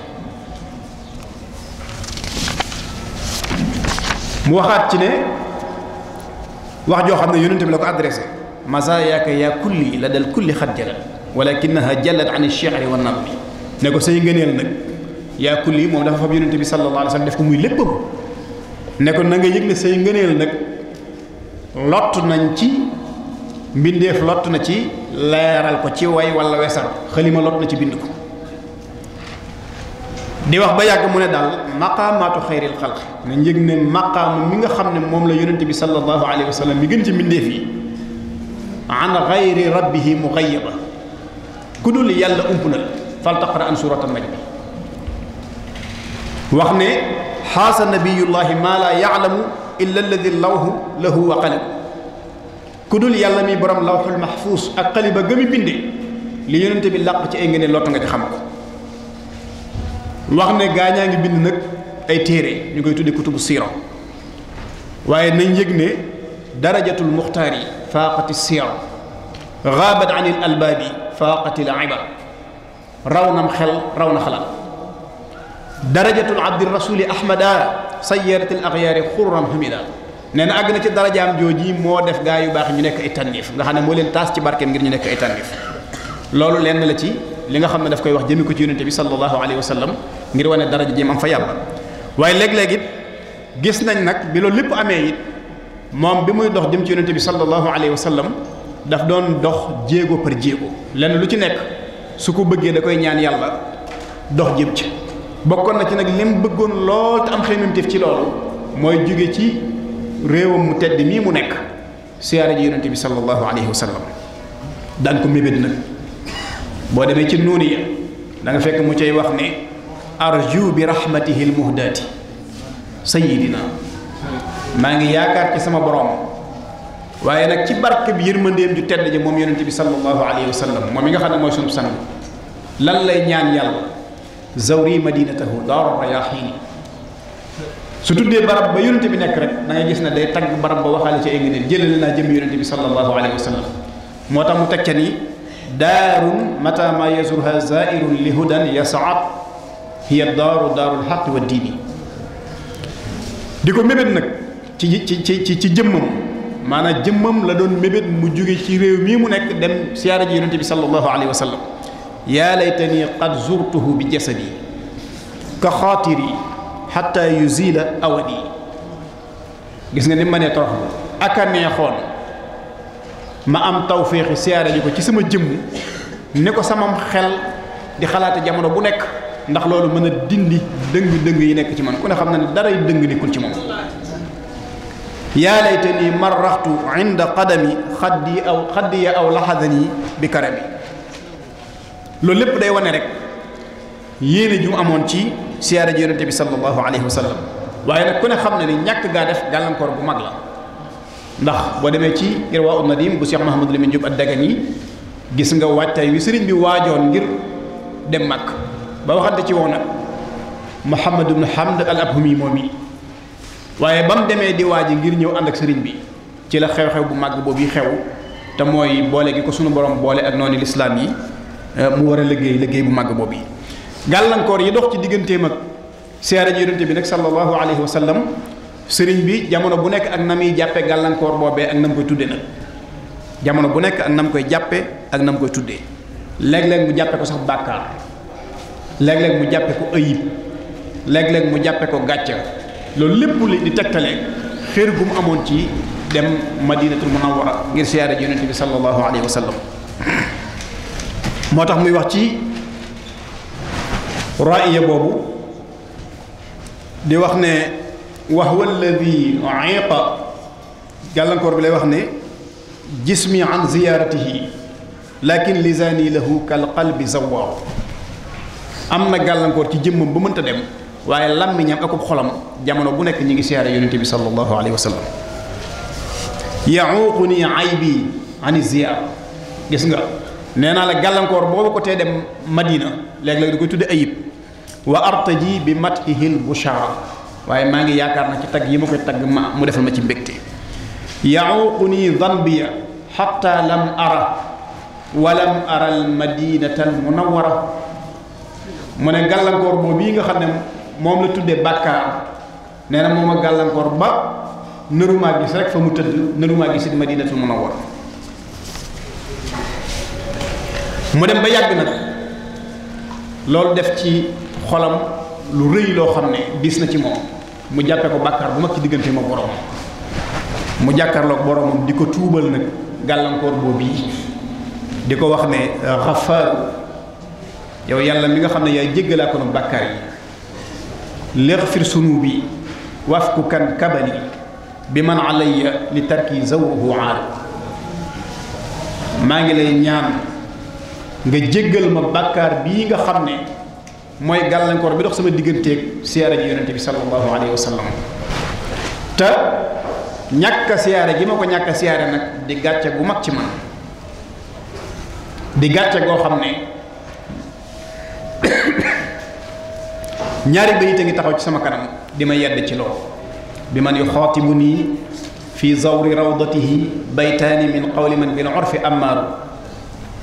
mu waxaat ci ne wax joo xam ne yonent bi la ko adressé masayaaka yaa kulli la dal kulli xat jalat walakinaha jalat an alchehri wa nabbi ne ko say ngëneel nag yaa kulli moom dafa fab yonent bi sallallahu alayhi wa sallam def ko muy léppam ne ko na nga yëg ne say ngëneel nañ ci mbindeef lottu na ci leeral ko ci way wala wesar xalima lott na ci bind ko di wax ba yàgg mu ne daal maqaamaatu xayril xalq nañ yëg ne maqaam mi nga xam ne moom la yonente bi sallallahu alayhi wa sallam mi gën ci mbindeef yi an xayri rabbihi muxayiba ku dul yàlla ump na wax ne xaasa nabiyullahi maa laa yaalamu illa alladi lawhu lahu wa qalam ku dul yàlla mi borom lawxul mahfuus ak xaliba gëmi binde li yonente bi làq ci ay ngëneel lott nga ci xam mu wax ne gaa ñaa ngi bind nag ay téere ñu koy tuddee kutubu siira waaye nañ yëg ne darajatul muxtaar yi faaqati siira xaabat an il albaab yi faaqati la ibar raw nam xel raw na xalaat darajatul abdi rasuli ahmada sayaratil axyaari xurram hamida nee na àgg na ci darajaam jooji moo def gaa yu baax ñu nekk ay tànniif nga xam ne moo leen taas ci barkeem ngir ñu nekk ay tànniif loolu lenn la ci li nga xam ne daf koy wax jëmi ko ci yonente bi sallallahu alayhi wa sallam ngir wane daraja ji am fa yàlla waaye léeg-léeg it gis nañ nag bi loolu lépp amee it moom bi muy dox jëm ci yonente bi sallallahu alayhi wa sallam daf doon dox jéego par jéego lenn lu ci nekk su ko bëggee da koy ñaan yàlla dox jëm bokkoon na ci nag lim bëggoon lool te am xeymamtéef ci loolu mooy jóge ci réewam mu tedd mii mu nekk siyaare ji yonente bi sallallahu alayhi wa sallam daan ko mébét nag boo demee ci nuuni ya da fekk mu cay wax ne arju bi rahmatihil muhdaati sayidina maa ngi yaakaar ci sama borom waaye nag ci barke bi yërmandeem ju tedd ji moom yonente bi sallallahu alayhi wa sallam moom mi nga xam ne mooy sunu sang lan lay ñaan yàlla zawri madinatahu daaru rayaxiini su tuddee barab ba bi nekk rek da gis ne day tagg barab ba waxaale ci ay naa jëm yonente bi sallallahu alayhi wa moo tax mu teg ca ni daarun mata ma yazurha zairun li hudan yasaat hiya daaru daarul xaq wa diini di ko mébét nag ci ci ci ci jëmmam maanaa jëmmam la doon mébét mu jóge ci réew mii mu nekk dem siyaara ji yonente bi sallallahu alayhi wa sallam yaa laytani qad zurtuhu bi jasadi ka xaatiri xatta yuzila awadi gis nga ni ma nee torox aka neexoon ma am tawféexi siyaara ji ko ci sama jëmm ne ko samam xel di xalaate jamono bu nekk ndax loolu mën a dindi dëng-dëng yi nekk ci man ku ne xam na ni daray dëng nekkul ci moom yaa laytani marraxtu inda qadami xaddi aw xaddi aw laxadani bi karami loolu lépp day wane rek yéene ju amoon ci siyaara ji yonente bi sallallahu alayhi wa waaye nag ku ne xam na ni ñàkk gaa def gàllankoor bu mag la ndax boo demee ci irwa u nadim bu Cheikh Mahamadou Lamine Diop ad-Dagani gis nga waajtaay wi sëriñ bi waajoon ngir dem Makka ba waxante ci woon nag Muhammad ibn Hamd al Abhami moom yi waaye ba mu demee di waa ji ngir ñëw ànd ak sëriñ bi ci la xew-xew bu màgg boobu yi xew te mooy boole gi ko sunu borom boole ak noonu lislaam yi eh, mu war a liggéey liggéey bu màgg boobu yi gàllankoor yi dox ci digganteem ak seere ji yonente bi nag sallallahu alayhi wa sallam sëriñ bi jamono bu nekk ak na muy jàppe gàllankoor boobee ak na mu koy tuddee nag jamono bu nekk ak na koy jàppe ak na mu koy tuddee léeg mu jàppe ko sax léeg-léeg mu jàppe ko ayib léeg-léeg mu jàppe ko gàcce loolu lépp li di tegtale xér gu mu amoon ci dem madinatul munawwara ngir siyaare ji yonent bi sallallahu alayhi wa sallam moo tax muy wax ci raaya boobu di wax ne wax walladi eeqa bi lay wax ne jismi an ziyaaratihi lakin lisaani lahu kal qalbi zawaaru am na gàllankoor ci jëmmam ba mënta dem waaye làmmiñam akub xolam jamono bu nekk ñi ngi siyaare yonente bi sallallahu alayhi wa sallam yaquuqu ni aybi ani ziyaar gis nga nee naa la gàllankoor boobu ko tee dem madina léeg-léeg di koy tudde ayib wa artaji bi mathihil bushara waaye maa ngi yaakaar na ci tagg yi ma koy tagg mu defal ma ci mbégte yaquuqu ni danbiya xatta lam ara wa lam ara al madinata mu ne gàllankoor boobu yi nga xam ne moom la tuddee bàkkaar nee na moom a gàllankoor ba nëru gis rek fa mu tëdd nërumaa gis it madinatul munawwar mu dem ba yàgg nag loolu def ci xolam lu rëy loo xam ne diis na ci moom mu jàppe ko bàkkaar bu mag ci diggante ma borom mu jàkkaarloog boromam di ko tuubal nag gàllankoor boobu yi di ko wax ne xafaaru yow yàlla mi nga xam ne yaay jéggalaa ko nu bàkkaar yi lixfir sunubi waf ku kan kabali bi man alayya li tarki zawruhu aar maa ngi lay ñaan nga jéggal ma bàkkaar bii nga xam ne mooy gàllankoor bi dox sama digganteeg siyaare ji yonente bi sallallahu alayhi wa te ñàkk a siyaare gi ma ko ñàkk a siyaare nag di gàcce gu mag ci man di gàcce goo xam ne ñaari bayit a ngi taxaw ci sama kanam di ma yedd ci loolu bi man yuxaatibu nii fi zawri rawdatihi baytaani min qawli man bil urfi ammaaru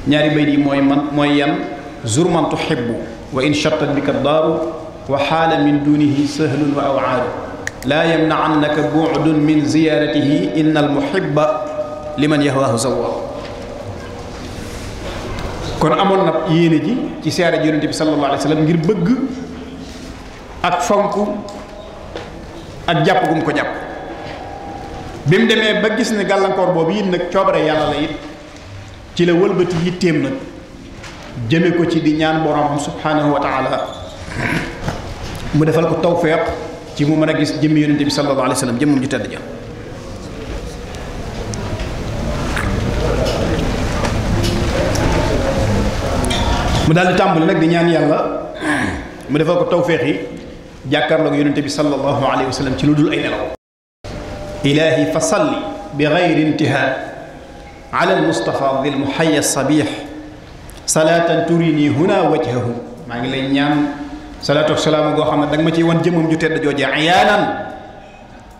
ñaari bayit yi mooy man mooy yan zur man tuhibbu wa in chattat bika daaru wa xaala min dunihi sahlun wa awaaru laa yamnaannaka buudun min ziyaaratihi inna almuhibba liman yahwaahu zawwaaru kon amoon na yéene ji ci seere ji yonente bi sallallahu alayhi wa sallam ngir bëgg ak fonk ak jàpp gum ko jàpp bi mu demee ba gis ne gàllankoor boobu it nag coobare yàlla la ci la wëlbati yitteem nag jëme ko ci di ñaan boromam subhanahu wa taala mu defal ko tawfeex ci mu mën a gis jëmmi yonente bi sallallahu alayhi wa sallam jëmmam ju tedd ja mu daal di tàmbali nag di ñaan yàlla mu defal ko tawféex yi jàkkaarloog yonente bi sallallahu alayhi wa sallam ci lu dul ay nelaw ilaahi fa salli bi gayri intihaa ala almustafa dil muhaya sabih salaatan turini huna wajhahu maa ngi lay ñaan salaatu wa salaamu xam ne da ma ciy wan jëmam ju tedd joojee ayaanan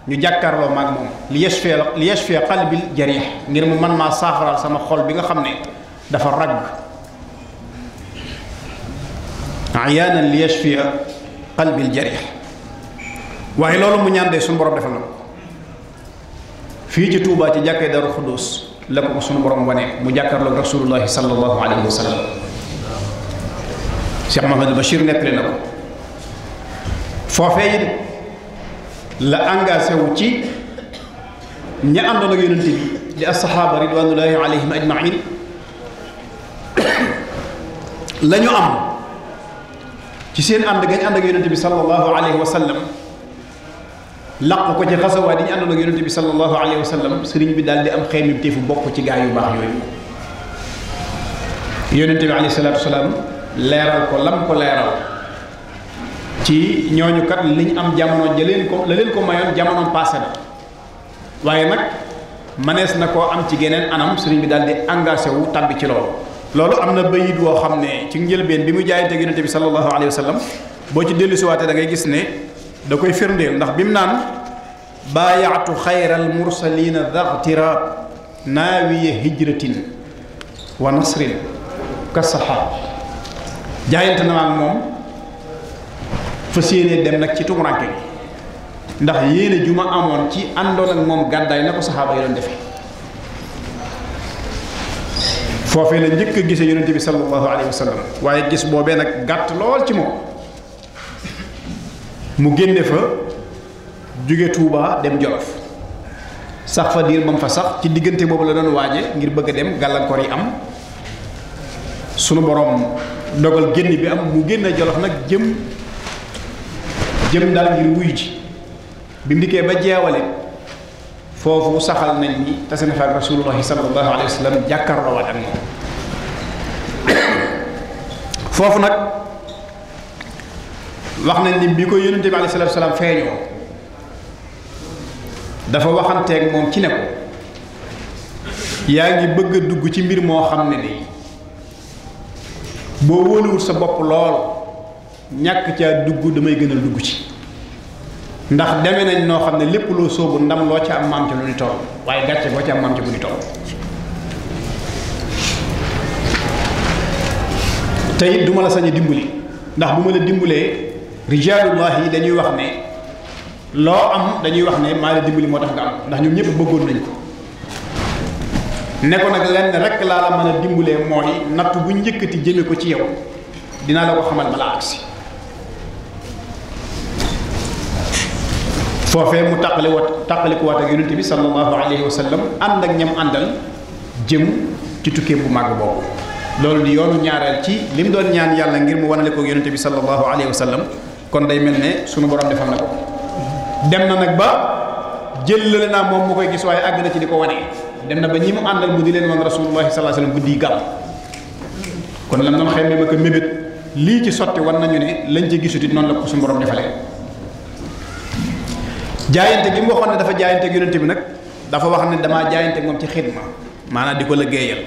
ñu jàkkaarloo maag moom li yashfi li yashfi qalbil jarih ngir mu man maa saafaraal sama xol bi nga xam ne dafa ragg ayaanan li yashfiya qalbil jarix waaye loolu mu ñaan de suñu borom defal na fii ci Touba ci jàkkee Daaru Xuddoos la ko suñu borom wane mu jàkkaarloog rasulullahi sallallahu alayhi wa sallam Cheikh Mahamadou Bachir nettali na ko foofee it la engagé wu ci ña àndoon ak yonent bi di asxaaba ridwanullahi alayhim ajmain la am. ci seen ànd gañ ànd ak yonente bi sallallahu alayhi wa sallam laq ko ci xasawaat yi ñu àndoon ak yonente bi sallallahu alayhi wa sallam sëriñ bi daal di am xeemim téefu bokk ci gaa yu baax yooyu yonente bi ko lam ko leeral ci ñooñu kat liñ am jamono jëleen ko la leen ko mayoon jamono passé na waaye nag manees na koo am ci geneen anam sëriñ bi daal di engagé wu tàbbi ci loolu loolu am na bayit woo xam ne ci njëlbeen bi mu jaayante yonente bi sallallahu alayhi wa sallam boo ci dellu siwaatee dangay gis ne da koy firndeel ndax bi mu naan baayaatu xayral mursalina dagtiraab naawiya hijratin wa nasrin ka saxaab jaayante na maag moom fas yéenee dem nag ci tumuranke gi ndax yéene ju ma amoon ci àndoon ak moom gàddaay na ko saxaaba yi doon foofee la njëkk a gisee yonente bi sallallahu alayhi wa sallam waaye gis boobee nag gàtt lool ci moom mu génne fa jóge Touba dem Jolof sax fa diir ba mu fa sax ci diggante boobu la doon waaje ngir bëgg a dem gàllankoor yi am sunu boroom dogal génn bi am mu génne Jolof nag jëm jëm dal ngir wuyu ji bi mu ba jeewale foofu saxal nañ ni tase na fa ak rasulullahi sallallahu alayhi wa sallam ak moom foofu nag wax nañ ni bi ko yónnente bi alayhi salatu wa salaam feeñoo dafa waxanteeg moom ci ne ko yaa ngi bëgg a dugg ci mbir moo xam ne nii boo wóoluwul sa bopp lool ñàkk caa dugg damay gën a dugg ci ndax deme nañ noo xam ne lépp loo sóobu ndam loo ci am maam ci lu ni toll waaye gàcce boo ci am maam ci bu ni toll te it la sañ a dimbali ndax bu ma la dimbalee rijaalullahi yi dañuy wax ne loo am dañuy wax ne maa la dimbali moo tax nga am ndax ñoom ñëpp bëggoon nañ ko ne ko nag lenn rekk laa la mën a dimbalee mooy natt bu njëkkati jëme ko ci yow dinaa la ko xamal balaa agsi foofee mu tàqali wat tàqaliku waat ak yonent bi sallallahu alayhi wa sallam ànd ak ñam àndal jëm ci tukkee bu màgg boobu loolu di yoonu ñaareel ci li mu doon ñaan yàlla ngir mu wanale ko ak yonent bi sallallahu alayhi wa sallam kon day mel ne sunu borom defal na ko dem na nag ba jëlale naa moom mu koy gis waaye àgg na ci di ko wane dem na ba ñi mu àndal mu di leen wan rasulullahi sallallahu alayhi wa sallam guddi gàmm kon lam doon xëy ma ko mébét lii ci sotti war nañu ne lañ ci gisutit noonu la ko suñu borom defalee jaayante gi mu waxoon ne dafa jaayante ak yonent bi nag dafa wax ne damaa jaayante moom ci xidma maanaam di ko liggéeyal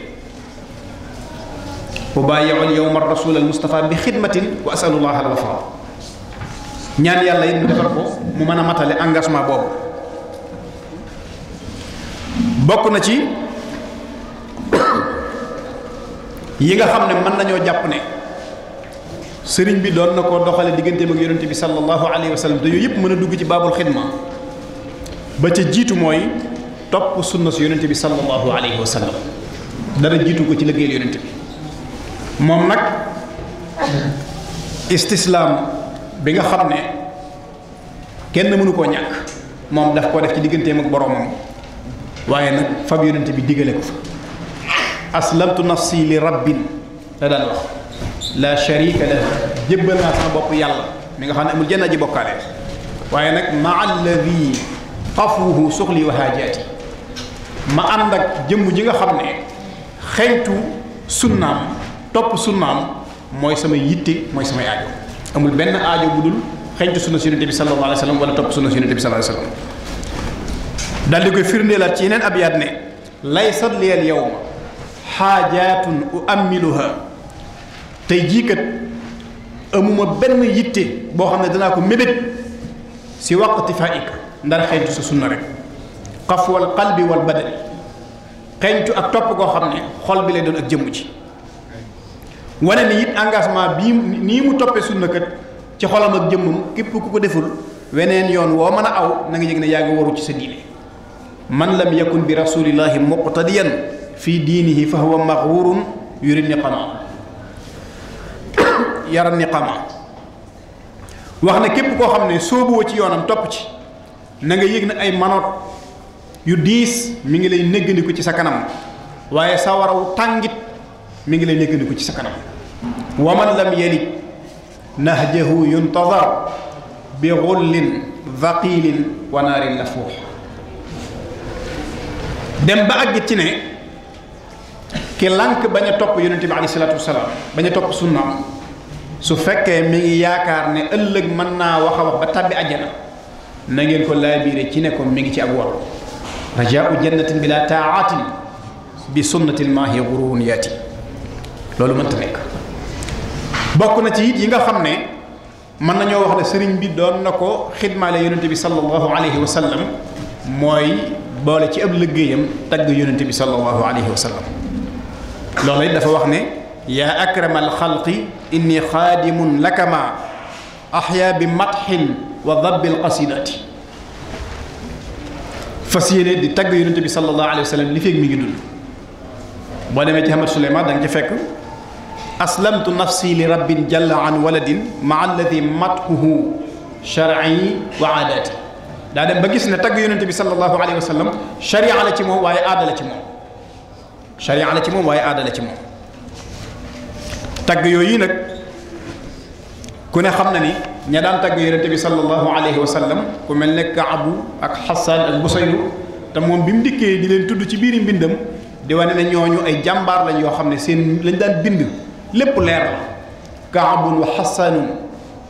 ubaayiu al yawma rasul al mustafa bi xidmatin wa asalullah al wafa ñaan yàlla it mu defar ko mu mën a matale engagement boobu bokk na ci yi nga xam ne mën nañoo jàpp ne sëriñ bi doon na ko doxale digganteem ak yonente bi sallallahu alayhi wa sallam te yëpp mën a dugg ci baabul xidma ba ca jiitu mooy topp sunna su yonente bi sallallahu alayhi wa sallam dara jiitu ko ci liggéeyal yonente bi moom nag istislaam bi nga xam ne kenn mënu koo ñàkk moom daf koo def ci digganteem ak boromam waaye nag fab yonente bi digale ko fa aslamtu nafsi li rabbin la daan wax sharika la jébbal naa sama bopp yàlla mi nga xam ne amul jenn aji bokkaale waaye nag maa alladi afwuhu suxli wa haajaati ma ànd ak jëmm ji nga xam ne xeetu sunnaam topp sunnaam mooy sama yitte mooy samay aajo amul benn aajo bu dul xeetu sunna si yonent bi sallallahu alayhi wa sallam wala topp sunna si yonent bi sallallahu alayhi wa sallam daal di koy firndeelaat ci yeneen abyaat ne laysat liyal yawma xaajaatun uammiluha tey jii amuma benn yitte boo xam ne danaa ko mébét si waqti faika ndar xeeñtu sa sunna rek xaf wal bi wal badani xeeñtu ak topp koo xam ne xol bi lay doon ak jëmm ci wane ni it engagement bii nii mu toppee sunna kat ci xolam ak jëmmam képp ku ko deful weneen yoon woo mën a aw na nga ne yaa ngi waru ci sa diine man lam yakun bi di muqtadiyan fii diinihi fa huwa maxwurun yuri niqama yara niqama wax ne képp koo xam ne sóobuwoo ci yoonam topp ci na nga yëg ne ay manoot yu diis mi ngi lay néggandiku ci sa kanam waaye sawaraw tàngit mi ngi lay néggandiku ci sa kanam wa man lam yalij nahjahu yuntazar bi xullin vaqilin wa naarin lafuux dem ba àgg ci ne ki lànk bañ topp yonente bi aleyhi salaatu wasalaam bañ a topp sunnaam su fekkee mi ngi yaakaar ne ëllëg mën naa wax a wax ba tàbbi àjjana na ngeen ko laabiire ci ne ko mu ngi ci ak war rajaau jannatin bila taatin bi sunnatil maahi gururun yaati loolu mënta nekk bokk na ci it yi nga xam ne mën nañoo wax ne sëriñ bi doon na ko xidmaale yonent bi sallallahu alayhi wa sallam mooy boole ci ab liggéeyam tagg yonent bi sallallahu alayhi wa sallam loolu it dafa wax ne yaa akramal xalqi inni xaadimun lakama axya bi matxin wa dabbil qasidaati fas yéene di tagg yonente bi sallallahu alayhi wa sallam li feeg mi ngi dund boo demee ci Ahmad Souleymane da nga ca fekk aslamtu nafsi li rabbin jalla an waladin ma alladi matkuhu shar'i wa aadaati daa dem ba gis ne tagg yonente bi sallallahu alayhi wa sallam sharia la ci moom waaye aada la ci moom sharia la ci moom waaye aada la ci moom tagg yooyu nag ku ne xam na ni ña daan tagg yonent bi sallallahu alayhi wa sallam ku mel ne Kaabu ak Xasaan ak Busayru te moom bi mu dikkee di leen tudd ci biiri mbindam di wane ne ñooñu ay jàmbaar lañ yoo xam ne seen lañ daan bind lépp leer la Kaabun wa Xasaanun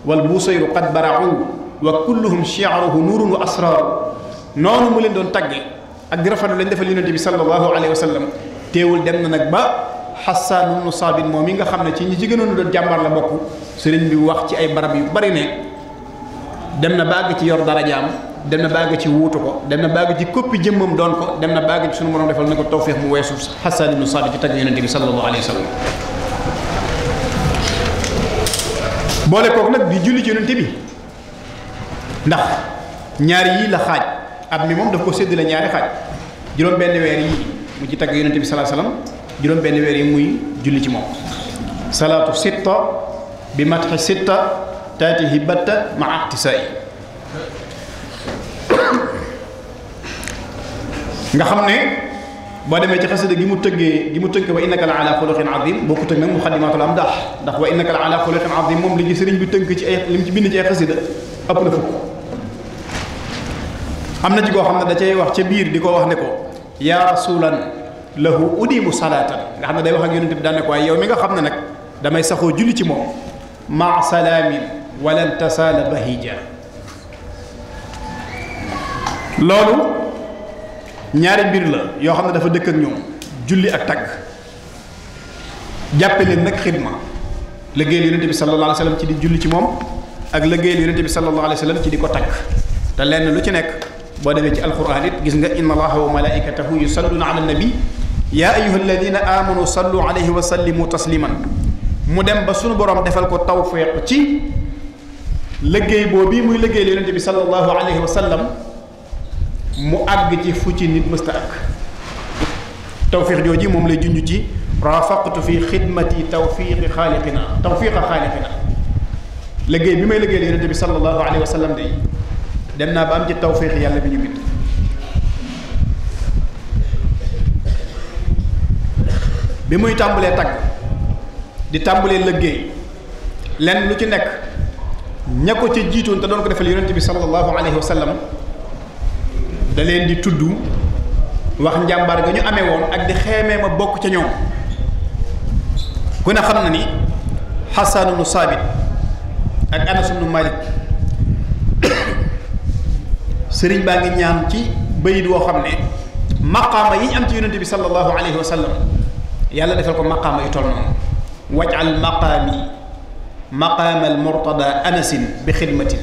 wal Busayru qad bara'u wa kulluhum shi'ruhu nuurun wa asraar noonu mu leen doon tagge ak di rafetlu lañ defal yonent bi sallallahu alayhi wa sallam teewul dem na nag ba xasaan ibnu saabit moom mi nga xam ne ci ñi ci gënoon doon jàmbar la bokk sëriñ bi wax ci ay barab yu bari ne dem na bàgg ci yor darajaam dem na bàgg ci wuutu ko dem na bàgg ci koppi jëmmam doon ko dem na bàgg ci suñu borom defal na ko tawféex mu weesu xasaan ibnu saabit ci tagg yonente bi sallallahu alayhi wa sallam boole kooku nag di julli ci yonente bi ndax ñaari yii la xaaj ab mi moom daf ko sédd la ñaari xaaj juróom benn weer yii mu ci tagg yonente bi sallallahu juróom benn weer yi muy julli ci moom salaatu sitta bi matxi sitta taatihi batta ma axtisaay nga xam ne boo demee ci xasida gi mu tëggee gi mu tëggee wa innaka la ala xuluqin azim boo ko tëgg nag mu xadimatul am ndax ndax wa innaka la ala xuluqin azim moom li gi sëriñ bi tënk ci ay li mu ci bind ci ay xasida ëpp na fukk am na ci koo xam ne da cay wax ca biir di ko wax ne ko yaa rasulan lahu udimu salaatan nga xam ne day wax ak yonente bi daan ko waaye yow mi nga xam ne nag damay saxoo julli ci moom maa salaamin walan tasaala bahija loolu ñaari mbir la yoo xam ne dafa dëkk ak ñoom julli ak tagg jàppe leen nag xidma liggéeyal yonente bi sallallahu alayhi wa ci di julli ci moom ak liggéeyal yonente bi sallallahu alayhi wa sallam ci di ko tagg te lenn lu ci nekk boo demee ci alquran it gis nga inna allaha wa malaikatahu yusalluna ala nabi yaa ayyuha alladina amanu sallu alayhi wa sallimu tasliman mu dem ba sunu boroom defal ko tawfiq ci liggéey boobu muy liggéeyal yonente bi sallallahu alayhi wa sallam mu àgg ci fu ci nit mësta ak tawfiq jooji moom lay junju ci raafaqtu fi xidmati tawfiqi xaaliqina tawfiqa xaaliqina liggéey bi may liggéey liggéeyal yonente bi sallallahu alayhi wa sallam day dem naa ba am ci tawfiq yàlla bi ñu bind bi muy tàmbalee tagg di tàmbalee lëggéey lenn lu ci nekk ña ko ca jiitoon te doon ko defal yonent bi sallallahu alayhi wa sallam da leen di tudd wax njàmbaar ga ñu amee woon ak di xeemee ma bokk ca ñoom ku ne xam na ni xasan ibnu saabit ak anas ibnu malik sëriñ baa ngi ñaan ci bayit woo xam ne maqaama yi ñu am ci yonent bi sallallahu alayhi wa yàlla defal ko maqaama yu toll noonu wajal maqaami maqaamal murtada anasin bi xidmatin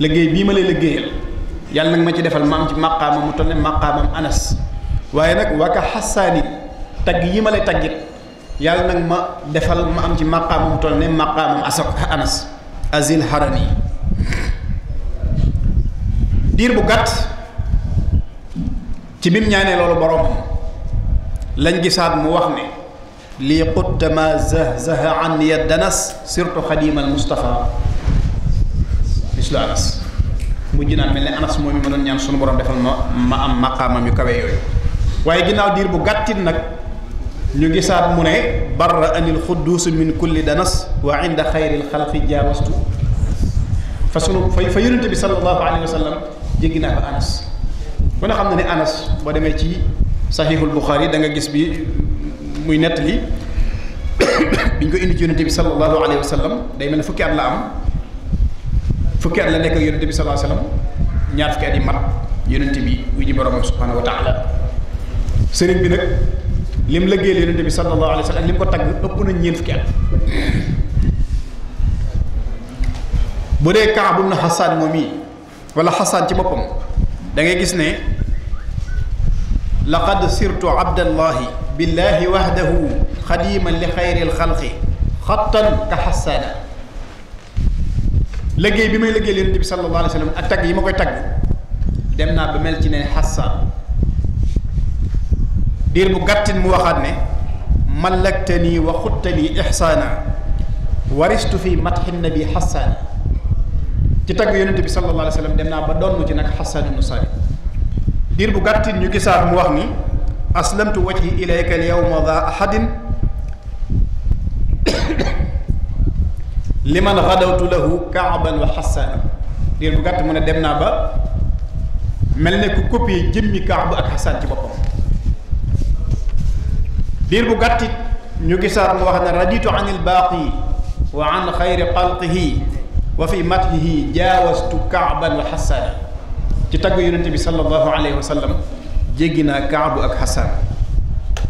liggéey bii ma la liggéeyal yàlla nag ma ci defal ma am ci maqaama mu toll ne maqaamam anas waaye nag waka tagg yi ma lay taggit yàlla nag ma defal ma am ci maqaama mu toll ne maqaamam asa diir bu gàtt ci bim ñaanee loolu boroomam lañ gisaat mu wax ne lii xuttama zahzaha an ya danas surtout xadimal Moustapha mislu anas mujj naa mel ni anas moom mi ma doon ñaan sunu borom defal ma ma am maqaamam yu kawe yooyu waaye ginnaaw diir bu gàttit nag ñu gisaat mu ne barra anil xudduus min kulli danas wa inda xayril xalqi jaawastu fa sunu fa fa yonente bi sallallahu alayhi wa sallam jéggi naa ko anas ku ne xam na ne anas boo demee ci saxiixul Buxaari da nga gis bi muy nett nettali biñ ko indi ci yonente bi sallallahu alayhi wa sallam day mel ne fukki at la am fukki at la nekk ak yonente bi sallallahu alayhi wa sallam ñaar fukki at yi mat yonente bi wu ji boromam subhaanahu wa taala bi nag lim lëggéeyal yonente bi sallallahu alayhi wa sallam ak lim ko tagg ëpp na ñeent fukki at bu dee Kaab ibn Xasaan moom yi wala Xasaan ci boppam da gis ne. laqad sirtu abdallahi billahi wahdahu xadiman li xayril xalqi xattan ka xassaana liggéey bi may liggéey yonent bi sallallahu alayhi ak tagg yi ma koy tagg dem naa ba mel ci ne xassaan diir bu gàttin mu waxaat ne mallaktani wa xuttani ixsaana waristu fi matxin nabi xassaana ci tagg yonent bi sallallahu alayhi wa sallam dem naa ba doon mu ci nag xassaan ibnu saabit diir bu gàttin ñu gisaat mu wax ni aslamtu wajhi ilayka al yawma da ahadin liman xadawtu lahu kaaban wa xasaana diir bu gàtt mu ne dem naa ba mel ni ku copier jëmmi kaab ak xasaan ci boppam diir bu gàttit ñu gisaat mu wax ne raditu an il wa an xayri xalqihi wa fi mathihi jaawastu kaaban wa xasaana ci tagg yonente bi sallallahu alayhi wa sallam jéggi naa kaabu ak xasaan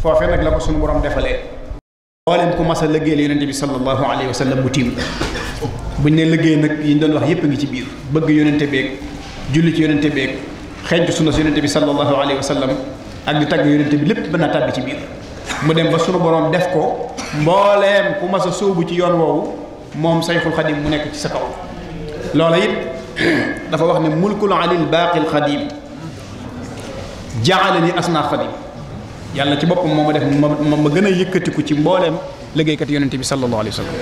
foofe nag la ko suñu borom defalee mbooleem ku mas a liggéeyal yonente bi sallallahu alayhi wa sallam mu tiim buñ ne liggéey nag yi ñu doon a ngi ci biir bëgg yonente beeg julli ci yonente beeg xeeñtu sunna si yonente bi sallallahu alayhi wa sallam ak di tagg yonente bi lépp mën naa ci biir mu dem ba sunu borom def ko mbooleem ku mas a sóobu ci yoon woowu moom sayxul xadim mu nekk ci sa kaw loola it dafa wax ne mulkul alil baaqil xadim jaxale ni yàlla ci boppam moom ma def ma ma gën a yëkkatiku ci mbooleem liggéeykat yonent bi sallallahu alayhi wa sallam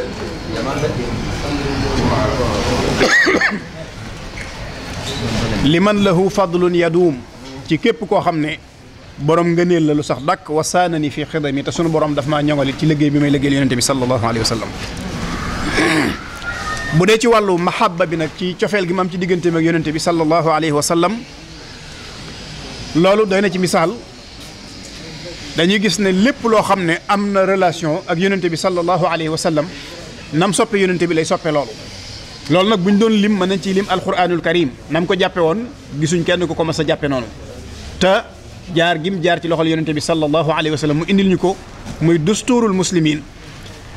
li man lahu fadlun yaduum ci képp koo xam ne borom ngëneel la lu sax dàkk wasaana ni fii xidami te sunu borom daf maa ñoŋalit ci liggéey bi may liggéeyal yonent bi sallallahu alayhi wa sallam bu dee ci wàllu mahabba bi nag ci cofeel gi ma am ci digganteem ak yonente bi alay alayhi wa sallam loolu doy na ci misaal dañuy gis ne lépp loo xam ne am na relation ak yonente bi sallallahu alayhi wa sallam nam soppe yonente bi lay soppe loolu nag bu ñu doon lim mën nañ ciy lim alquranul karim nam ko jàppe woon gisuñ kenn ku ko mas a jàppe noonu te jaar gim jaar ci loxol yonente bi sallallahu alayhi wa sallam mu indil ko muy dusturul muslimin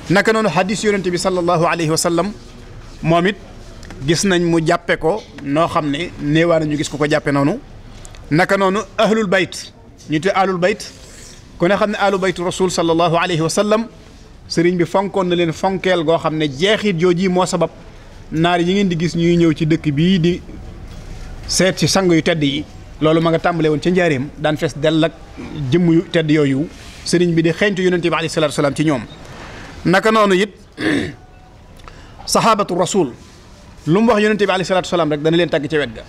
naka noonu hadis yonente bi sallallahu alayhi wa sallam moom it gis nañ mu jàppe ko noo xam ne néewaa ñu gis ku ko jàppe noonu naka noonu ahlul bayt ñu te ahlul bayt ku ne xam ne ahlul baytu rasul sallallahu alayhi wa sallam sëriñ bi fonkoon na leen fonkeel goo xam ne jeexit jooji moo sabab naar yi ngeen di gis ñuy ñëw ci dëkk bii di seet ci sang yu tedd yi loolu ma nga tàmbale woon ca njaareem daan fees dell ak jëmm yu tedd yooyu sëriñ bi di xeeñtu yonente bi alayhi salaatu wa salaam ci ñoom naka noonu it sahabatu rasul lu mu wax yonente bi alayhi rek dana leen tàgg ca wet ga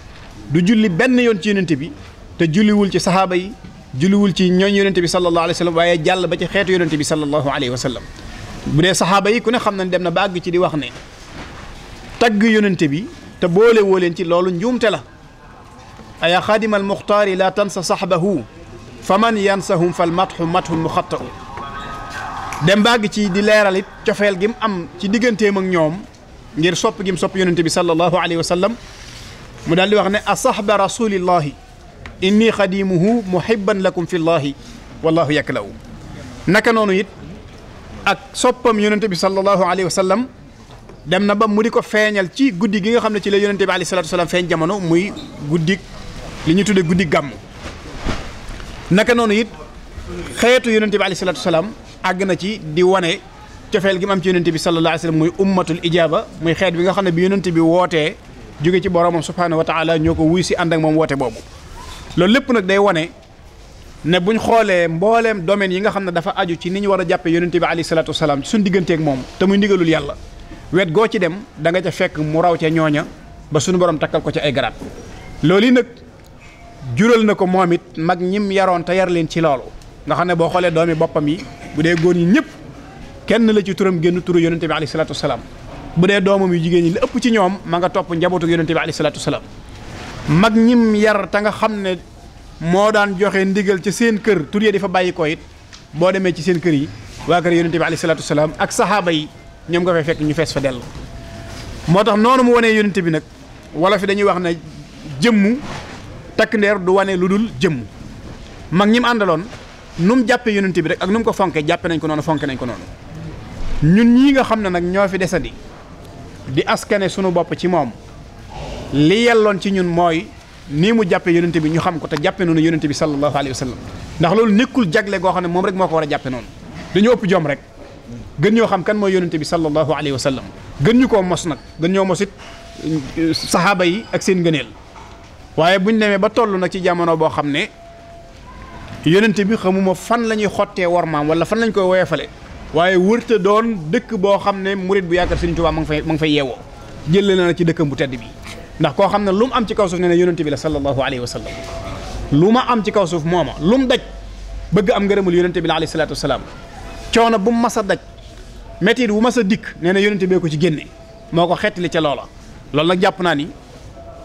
du julli benn yoon ci yonente bi te julliwul ci sahaaba yi julliwul ci ñooñ yonente bi sallallahu alayhi wa sallam waaye jàll ba ci xeetu yonente bi sallallahu alayhi wa sallam bu dee sahaaba yi ku ne xam na ne dem na bàgg ci di wax ne tagg yonente bi te boole woo leen ci loolu njuumte la ayaa xaadima al muxtaari la tansa saxbahu fa man yansahum fa matxu matxu muxatta u ci di leeral it gi mu am ci digganteem ak ñoom ngir sopp gim sopp yonente bi sallallahu alayhi wa sallam mu daal di wax ne a sahba rasulillahi inni xadimuhu muhibban lakum fi llahi wallahu yaklawu naka noonu it ak soppam yonente bi sallallahu alayhi wa sallam dem na ba mu di ko feeñal ci guddi gi nga xam ne ci la yonente bi alayhi salatu feeñ jamono muy guddi li ñu tudde guddi gàmm naka noonu it xeetu yonente bi alayhi salatu wasalaam àgg na ci di wane cofeel gi mu am ci yonent bi sallallahu alayhi wa sallam muy ummatul ijaaba muy xeet bi nga xam ne bi yonent bi wootee jóge ci boromam subhaanahu wa taala ñoo ko wuy si ànd ak moom woote boobu loolu lépp nag day wone ne buñ xoolee mbooleem domaine yi nga xam ne dafa aju ci ni ñu war a jàppee yonent bi alayhi salaatu wasalaam suñ digganteeg moom te muy ndigalul yàlla wet goo ci dem danga nga ca fekk mu raw ca ñooña ba suñu borom takkal ko ci ay garaat lool yi nag jural na ko moom it mag ñim yaroon te yar leen ci loolu nga xam ne boo xoolee doomi boppam yi bu dee góor ñi ñëpp kenn la ci turam génn tur yonente bi alayhi salaatu wasalaam bu dee doomam yu jigéen ñi li ëpp ci ñoom ma nga topp njabootu yonente bi alayhi salaatu wasalaam mag ñim yar te nga xam ne moo daan joxe ndigal ci seen kër tur ya di fa bàyyi ko it boo demee ci seen kër yi waa kër yonente bi alayhi salaatu wasalaam ak saxaaba yi ñoom nga fay fekk ñu fees fa dell moo tax noonu mu wanee yonente bi nag wala fi dañuy wax ne jëmmu takk ndeer du wane lu dul jëmm mag ñim àndaloon nu mu jàppee yonent bi rek ak nu mu ko fonkee jàppe nañ ko noonu fonke nañ ko noonu ñun ñii nga xam ne nag ñoo fi desandi di askane sunu bopp ci moom li yelloon ci ñun mooy nii mu jàppee yonent bi ñu xam ko te jàppe noonu yonent bi sallallahu alayhi wa sallam ndax loolu nekkul jagle goo xam ne moom rek moo ko war a jàppe noonu dañoo ëpp jom rek gën ñoo xam kan mooy yonent bi sallallahu alayhi wa sallam gën ñu koo mos nag gën ñoo mos it euh, saxaaba yi ak seen ngëneel waaye buñ demee ba toll nag ci jamono boo xam ne yonente bi xamuma fan la ñuy xottee war maam wala fan lañ koy woyefale waaye wërta doon dëkk boo xam ne murit bu yaakaar Sëriñ Tuubaa ma nga fay ma nga fay yeewoo jëlee na la ci dëkkam bu tedd bi ndax koo xam ne lu mu am ci kaw suuf nee na yonente bi la sallallahu alayhi wa sallam lu ma am ci kaw suuf mooma lu mu daj bëgg am ngërëmul yonente bi la alayhi salaatu wasalaam coono bu mu mas a daj métit bu mas a dikk nee na yonente bee ko ci génne moo ko xettali ca loola loolu nag jàpp naa ni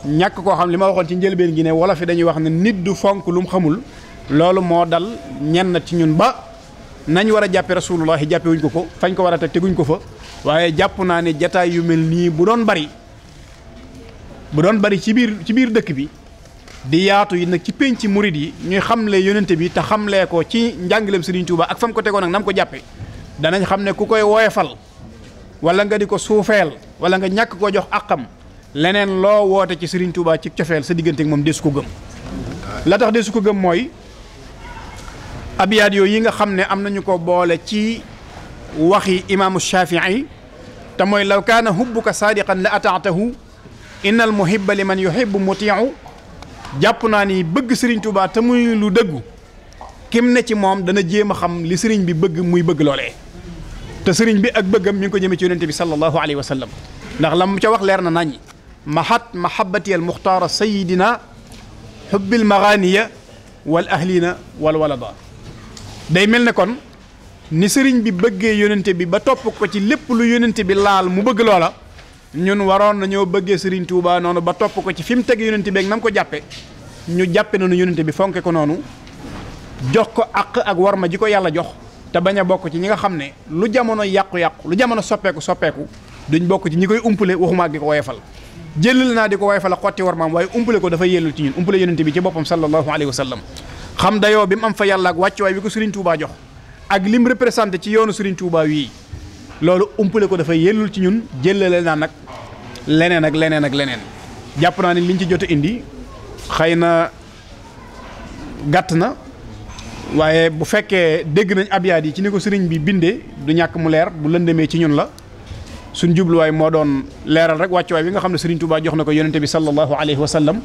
ñàkk koo xam li ma waxoon ci njëlbeen gi ne wolof dañuy wax ne nit du fonk lu mu xamul loolu moo dal ñenn ci ñun ba nañ war a jàppe rasulullahi jàppe wuñ ko ko fañ ko war a teg teguñ ko fa waaye jàpp naa ne jataay yu mel nii bu doon bari bu doon bari ci biir ci biir dëkk bi di yaatu yi nag ci pénc murit yi ñuy xamle yonent bi te xamlee ko ci njàngaleem Serigne Touba ak fam ko tegoon ak nam ko jàppe danañ xam ne ku koy fal walla nga di ko suufeel wala nga ñàkk koo jox àqam leneen loo woote ci Serigne Touba ci cofeel sa diggante ak desu ko gëm la tax desu ko gëm mooy abiyaat yooyu yi nga xam ne am nañu ko boole ci waxi imaamu shafii te mooy law kaana hubbuka saadiqan la ataatahu innal muhibba li man yuhibbu mutiu jàpp naa ni bëgg sëriñ Tuubaa te muy lu dëggu kim ne ci moom dana jéem a xam li sëriñ bi bëgg muy bëgg loole te sëriñ bi ak bëggam mi ngi ko jëmee ci yonente bi sallallahu alayhi wa sallam ndax la mu ca wax leer na naññi mahat mahabati al muxtaara sayidina xubbil maganiya wal ahlina wal walada day mel ne kon ni sëriñ bi bëggee yónnente bi ba topp ko ci lépp lu yónnente bi laal mu bëgg loola ñun waroon na nañoo bëggee sëriñ Touba noonu ba topp ko ci fi mu teg yónnente bi ak na ko jàppe ñu jàppe noonu yónnente bi fonke ko noonu jox ko àq ak warma ji ko yàlla jox te bañ a bokk ci ñi nga xam ne lu jamono yàqu-yàqu lu jamono soppeeku soppeeku duñ bokk ci ñi koy umpale waxuma di ko woyefal jëlal naa di ko woyefal a xotti warmaam waaye umpale ci ñun umpale yónnente bi ci boppam xam dayoo bi mu am fa yàlla ak wàccuwaay bi ko Serigne Touba jox ak lim représenté ci yoonu Serigne Touba wii loolu umpale ko dafa yellul ci ñun jëlale naa nag leneen ak leneen ak leneen jàpp naa ne liñ ci jot a indi xëy na gàtt na waaye bu fekkee dégg nañ abyaat yi ci ni ko sëriñ bi bindee du ñàkk mu leer bu lëndëmee ci ñun la suñ jubluwaay moo doon leeral rek wàccuwaay bi nga xam ne Serigne Touba jox na ko yonente bi sallallahu alayhi wa sallam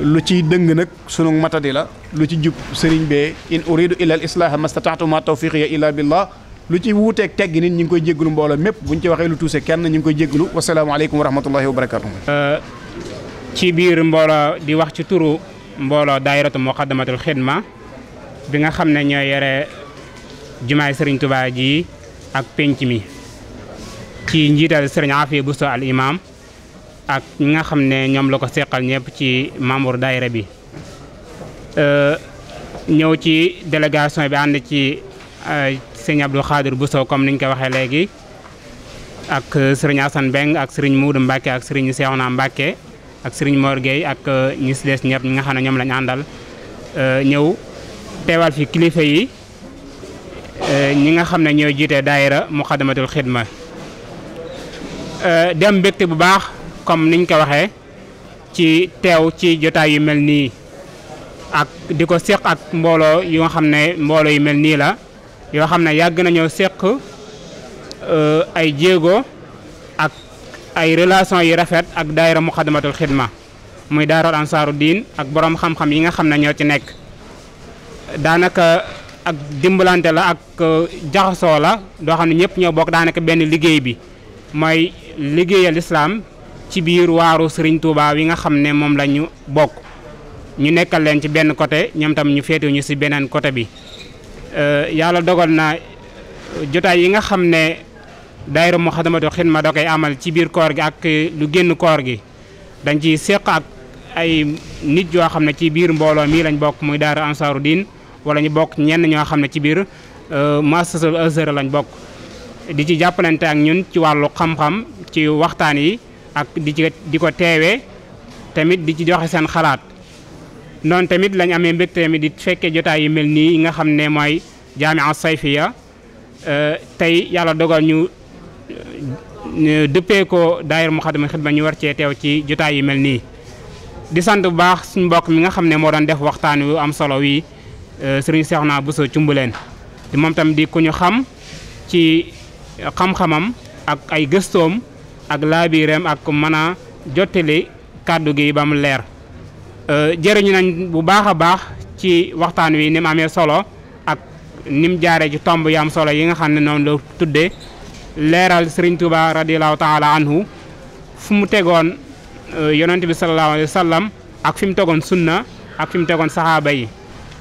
lu ciy dëng nag sunu matadi la lu ci jub sëriñ bee in uridu illa al islaaha mastataatu ma tawfiqiya illa billah lu ci wuuteeg teggi nit ñu ngi koy jéggalu mbooloo mépp ñu ci waxee lu tuuse kenn ñu ngi koy jéggalu wasalaamaaleykum wa rahmatullahi wa barakatuh euh, ci biir mbooloo di wax ci turu mbooloo daayiratu muqaddamatul xidma bi nga xam ne ñoo yore jumaay sëriñ Tuubaa ji ak penc mi ci njiital sëriñ Afiya Busto al imam ak ñi nga xam ne ñoom la ko seqal ñëpp ci membre daayira bi euh, ñëw ci délégation bi ànd ci euh, sëñ Abdou Khadir Bousso comme niñ ko waxee léegi ak euh, sëriñ Assane Beng ak sëriñ Muudu Mbacke ak sëriñ Seexuna Mbacke ak sëriñ Mor Gueye ak ñi si des ñëpp ñi nga xam ne ñoom lañ àndal ñëw teewal fi kilifa yi ñi nga xam ne ñoo jiite daayira Muxaddamatul Xidma dem mbégte bu baax comme niñ ko waxee ci teew ci jotaay yu mel nii ak di ko séq ak mbooloo yu nga xam ne mbooloo yu mel nii la yoo xam ne yàgg nañoo séq euh, ay jéego ak ay relation yu rafet ak daayira muxadamatul xidma muy daayira ansaaru diin ak boroom xam-xam yi nga xam ne ñoo ci nekk daanaka ak dimbalante la ak euh, jaxasoo la doo xam ne ñëpp ñoo bokk daanaka benn liggéey bi mooy liggéeyal islaam ci biir waaru sëriñ Touba wi nga xam ne moom la ñu bokk ñu nekkal leen ci benn côté ñoom tamit ñu féetewu ñu si beneen côté bi euh, yàlla dogal na jotaay yi nga xam ne daayira Moukhaddamatoul Khidma da koy amal ci biir koor gi ak lu génn koor gi dañ ci séq ak ay nit yoo xam ne ci biir mbooloo mii lañ bokk muy daara ansaaru diin wala ñu bokk ñenn ñoo xam ne ci biir euh, masasul azhar lañ bokk di ci jàppalante ak ñun ci wàllu xam-xam ci waxtaan yi ak di ci di ko teewee tamit di ci joxe seen xalaat noonu tamit lañ amee mbégte mi di fekkee jotaay yu mel nii yi nga xam ne mooy jaamia sayfiya euh, tey yàlla dogal ñu dëppee ko daayira Muxaddamatul Xidma ñu war cee teew ci jotaay yu mel nii di sant bu baax suñu mbokk mi nga xam ne moo daan def waxtaan wu am solo wi sëriñ euh, Seexuna Buso Cumbuleen moom tam di ku ñu xam ci xam-xamam ak ay gëstoom ak laabiireem ak mën a jottali kàddu gi ba mu leer euh, jëriñu nañ bu baax a baax ci waxtaan wi ni amee solo ak ni mu jaaree ci tomb yi am solo yi nga xam ne noonu la tuddee leeral sëriñ Touba radiyallahu taala anhu fu mu tegoon euh, yonent bi sallallahu alayhi wa ak fi mu tegoon sunna ak fi mu tegoon saxaaba yi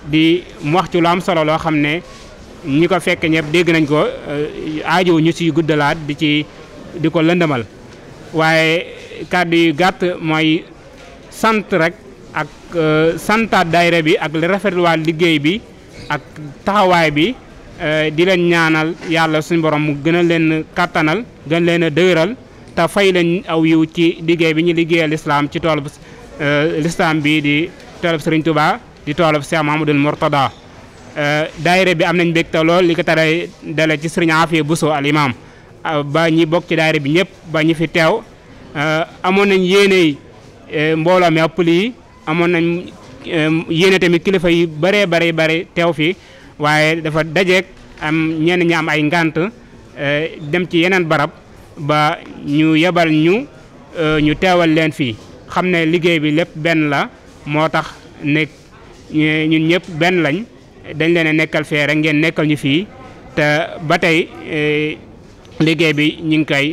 di mu wax ci lu am solo loo xam ne ñi ko fekkee ñëpp dégg nañ ko euh, aajowu ñu ci guddalaat ci di ko lëndëmal waaye kàddu gàtt mooy sant rek ak euh, santaat daayira bi ak li liggéey bi ak taxawaay bi euh, di leen ñaanal yàlla suñ borom mu gën a leen kàttanal gën leen a dëgëral te fay leen aw yiw ci liggéey bi ñu liggéeyal lislaam ci toolub euh, lislaam bi di toolub Sëriñ tubaa di toolub Cheikh Mahamadul Mourtada daire bi am nañ mbégte lool li ko tere dale ci Sëriñ Afia Bousso al imam Ah, ba ñi bokk ci daayira bi ñëpp ba ñi fi teew ah, amoon nañ yéene eh, mbooloo mi ëpp lii amoon nañ eh, yéene tamit kilifa yu bëree bëri bëri teew fii waaye dafa dajeek am ñenn ñi am ay ngànt eh, dem ci yeneen barab ba ñu yebal ñu ñu teewal leen fii xam ne liggéey bi lépp benn la moo tax ne ñun ñëpp benn lañ dañ leen a nekkal fee ngeen nekkal ñu fii te ba tey liggéey bi ñu ngi koy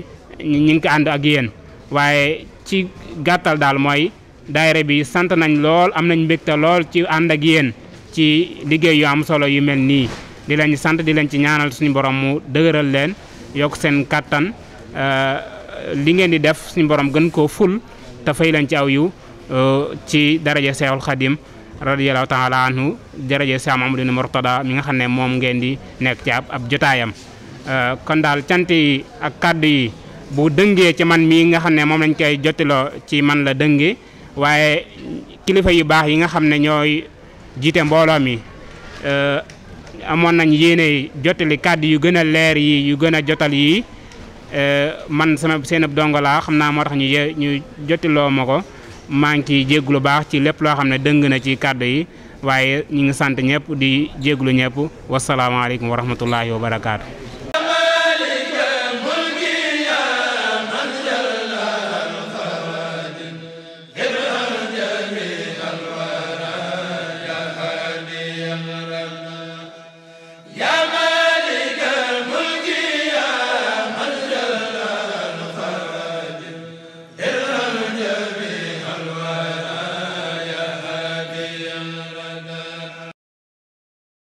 ñu ngi ko ànd ak yéen waaye ci gàttal daal mooy daayira bi sant nañ lool am nañ mbégte lool ci ànd ak yéen ci liggéey yu am solo yu mel nii di leen sant di leen ci ñaanal suñu borom mu dëgëral leen yokk seen kàttan euh, li ngeen di def suñu borom gën koo ful te fay leen ci aw yu euh, ci daraja Seexul Xadim radiyallahu taala anhu daraja Seex Mamadou Murtada mi nga xam ne moom ngeen di nekk ci ab ab jotaayam Euh, kon daal cant yi ak kàddu yi bu dëngee ci man mii nga xam ne moom lañ koy jotiloo ci man la dëngee waaye kilifa yu baax yi nga xam ne ñooy jiite mbooloo mi euh, amoon nañ yéene jotali kàddu yu gën a leer yi yu gën a jotal yi euh, man sama seen ab dongo laa xam naa moo tax ñu ye ñu jotiloo ma ko maa ngi ciy jéglu baax ci lépp loo xam ne dëng na ci kàddu yi waaye ñu ngi sant ñëpp di jéglu ñëpp wasalaamaaleykum wa rahmatullahi wa barakaatu.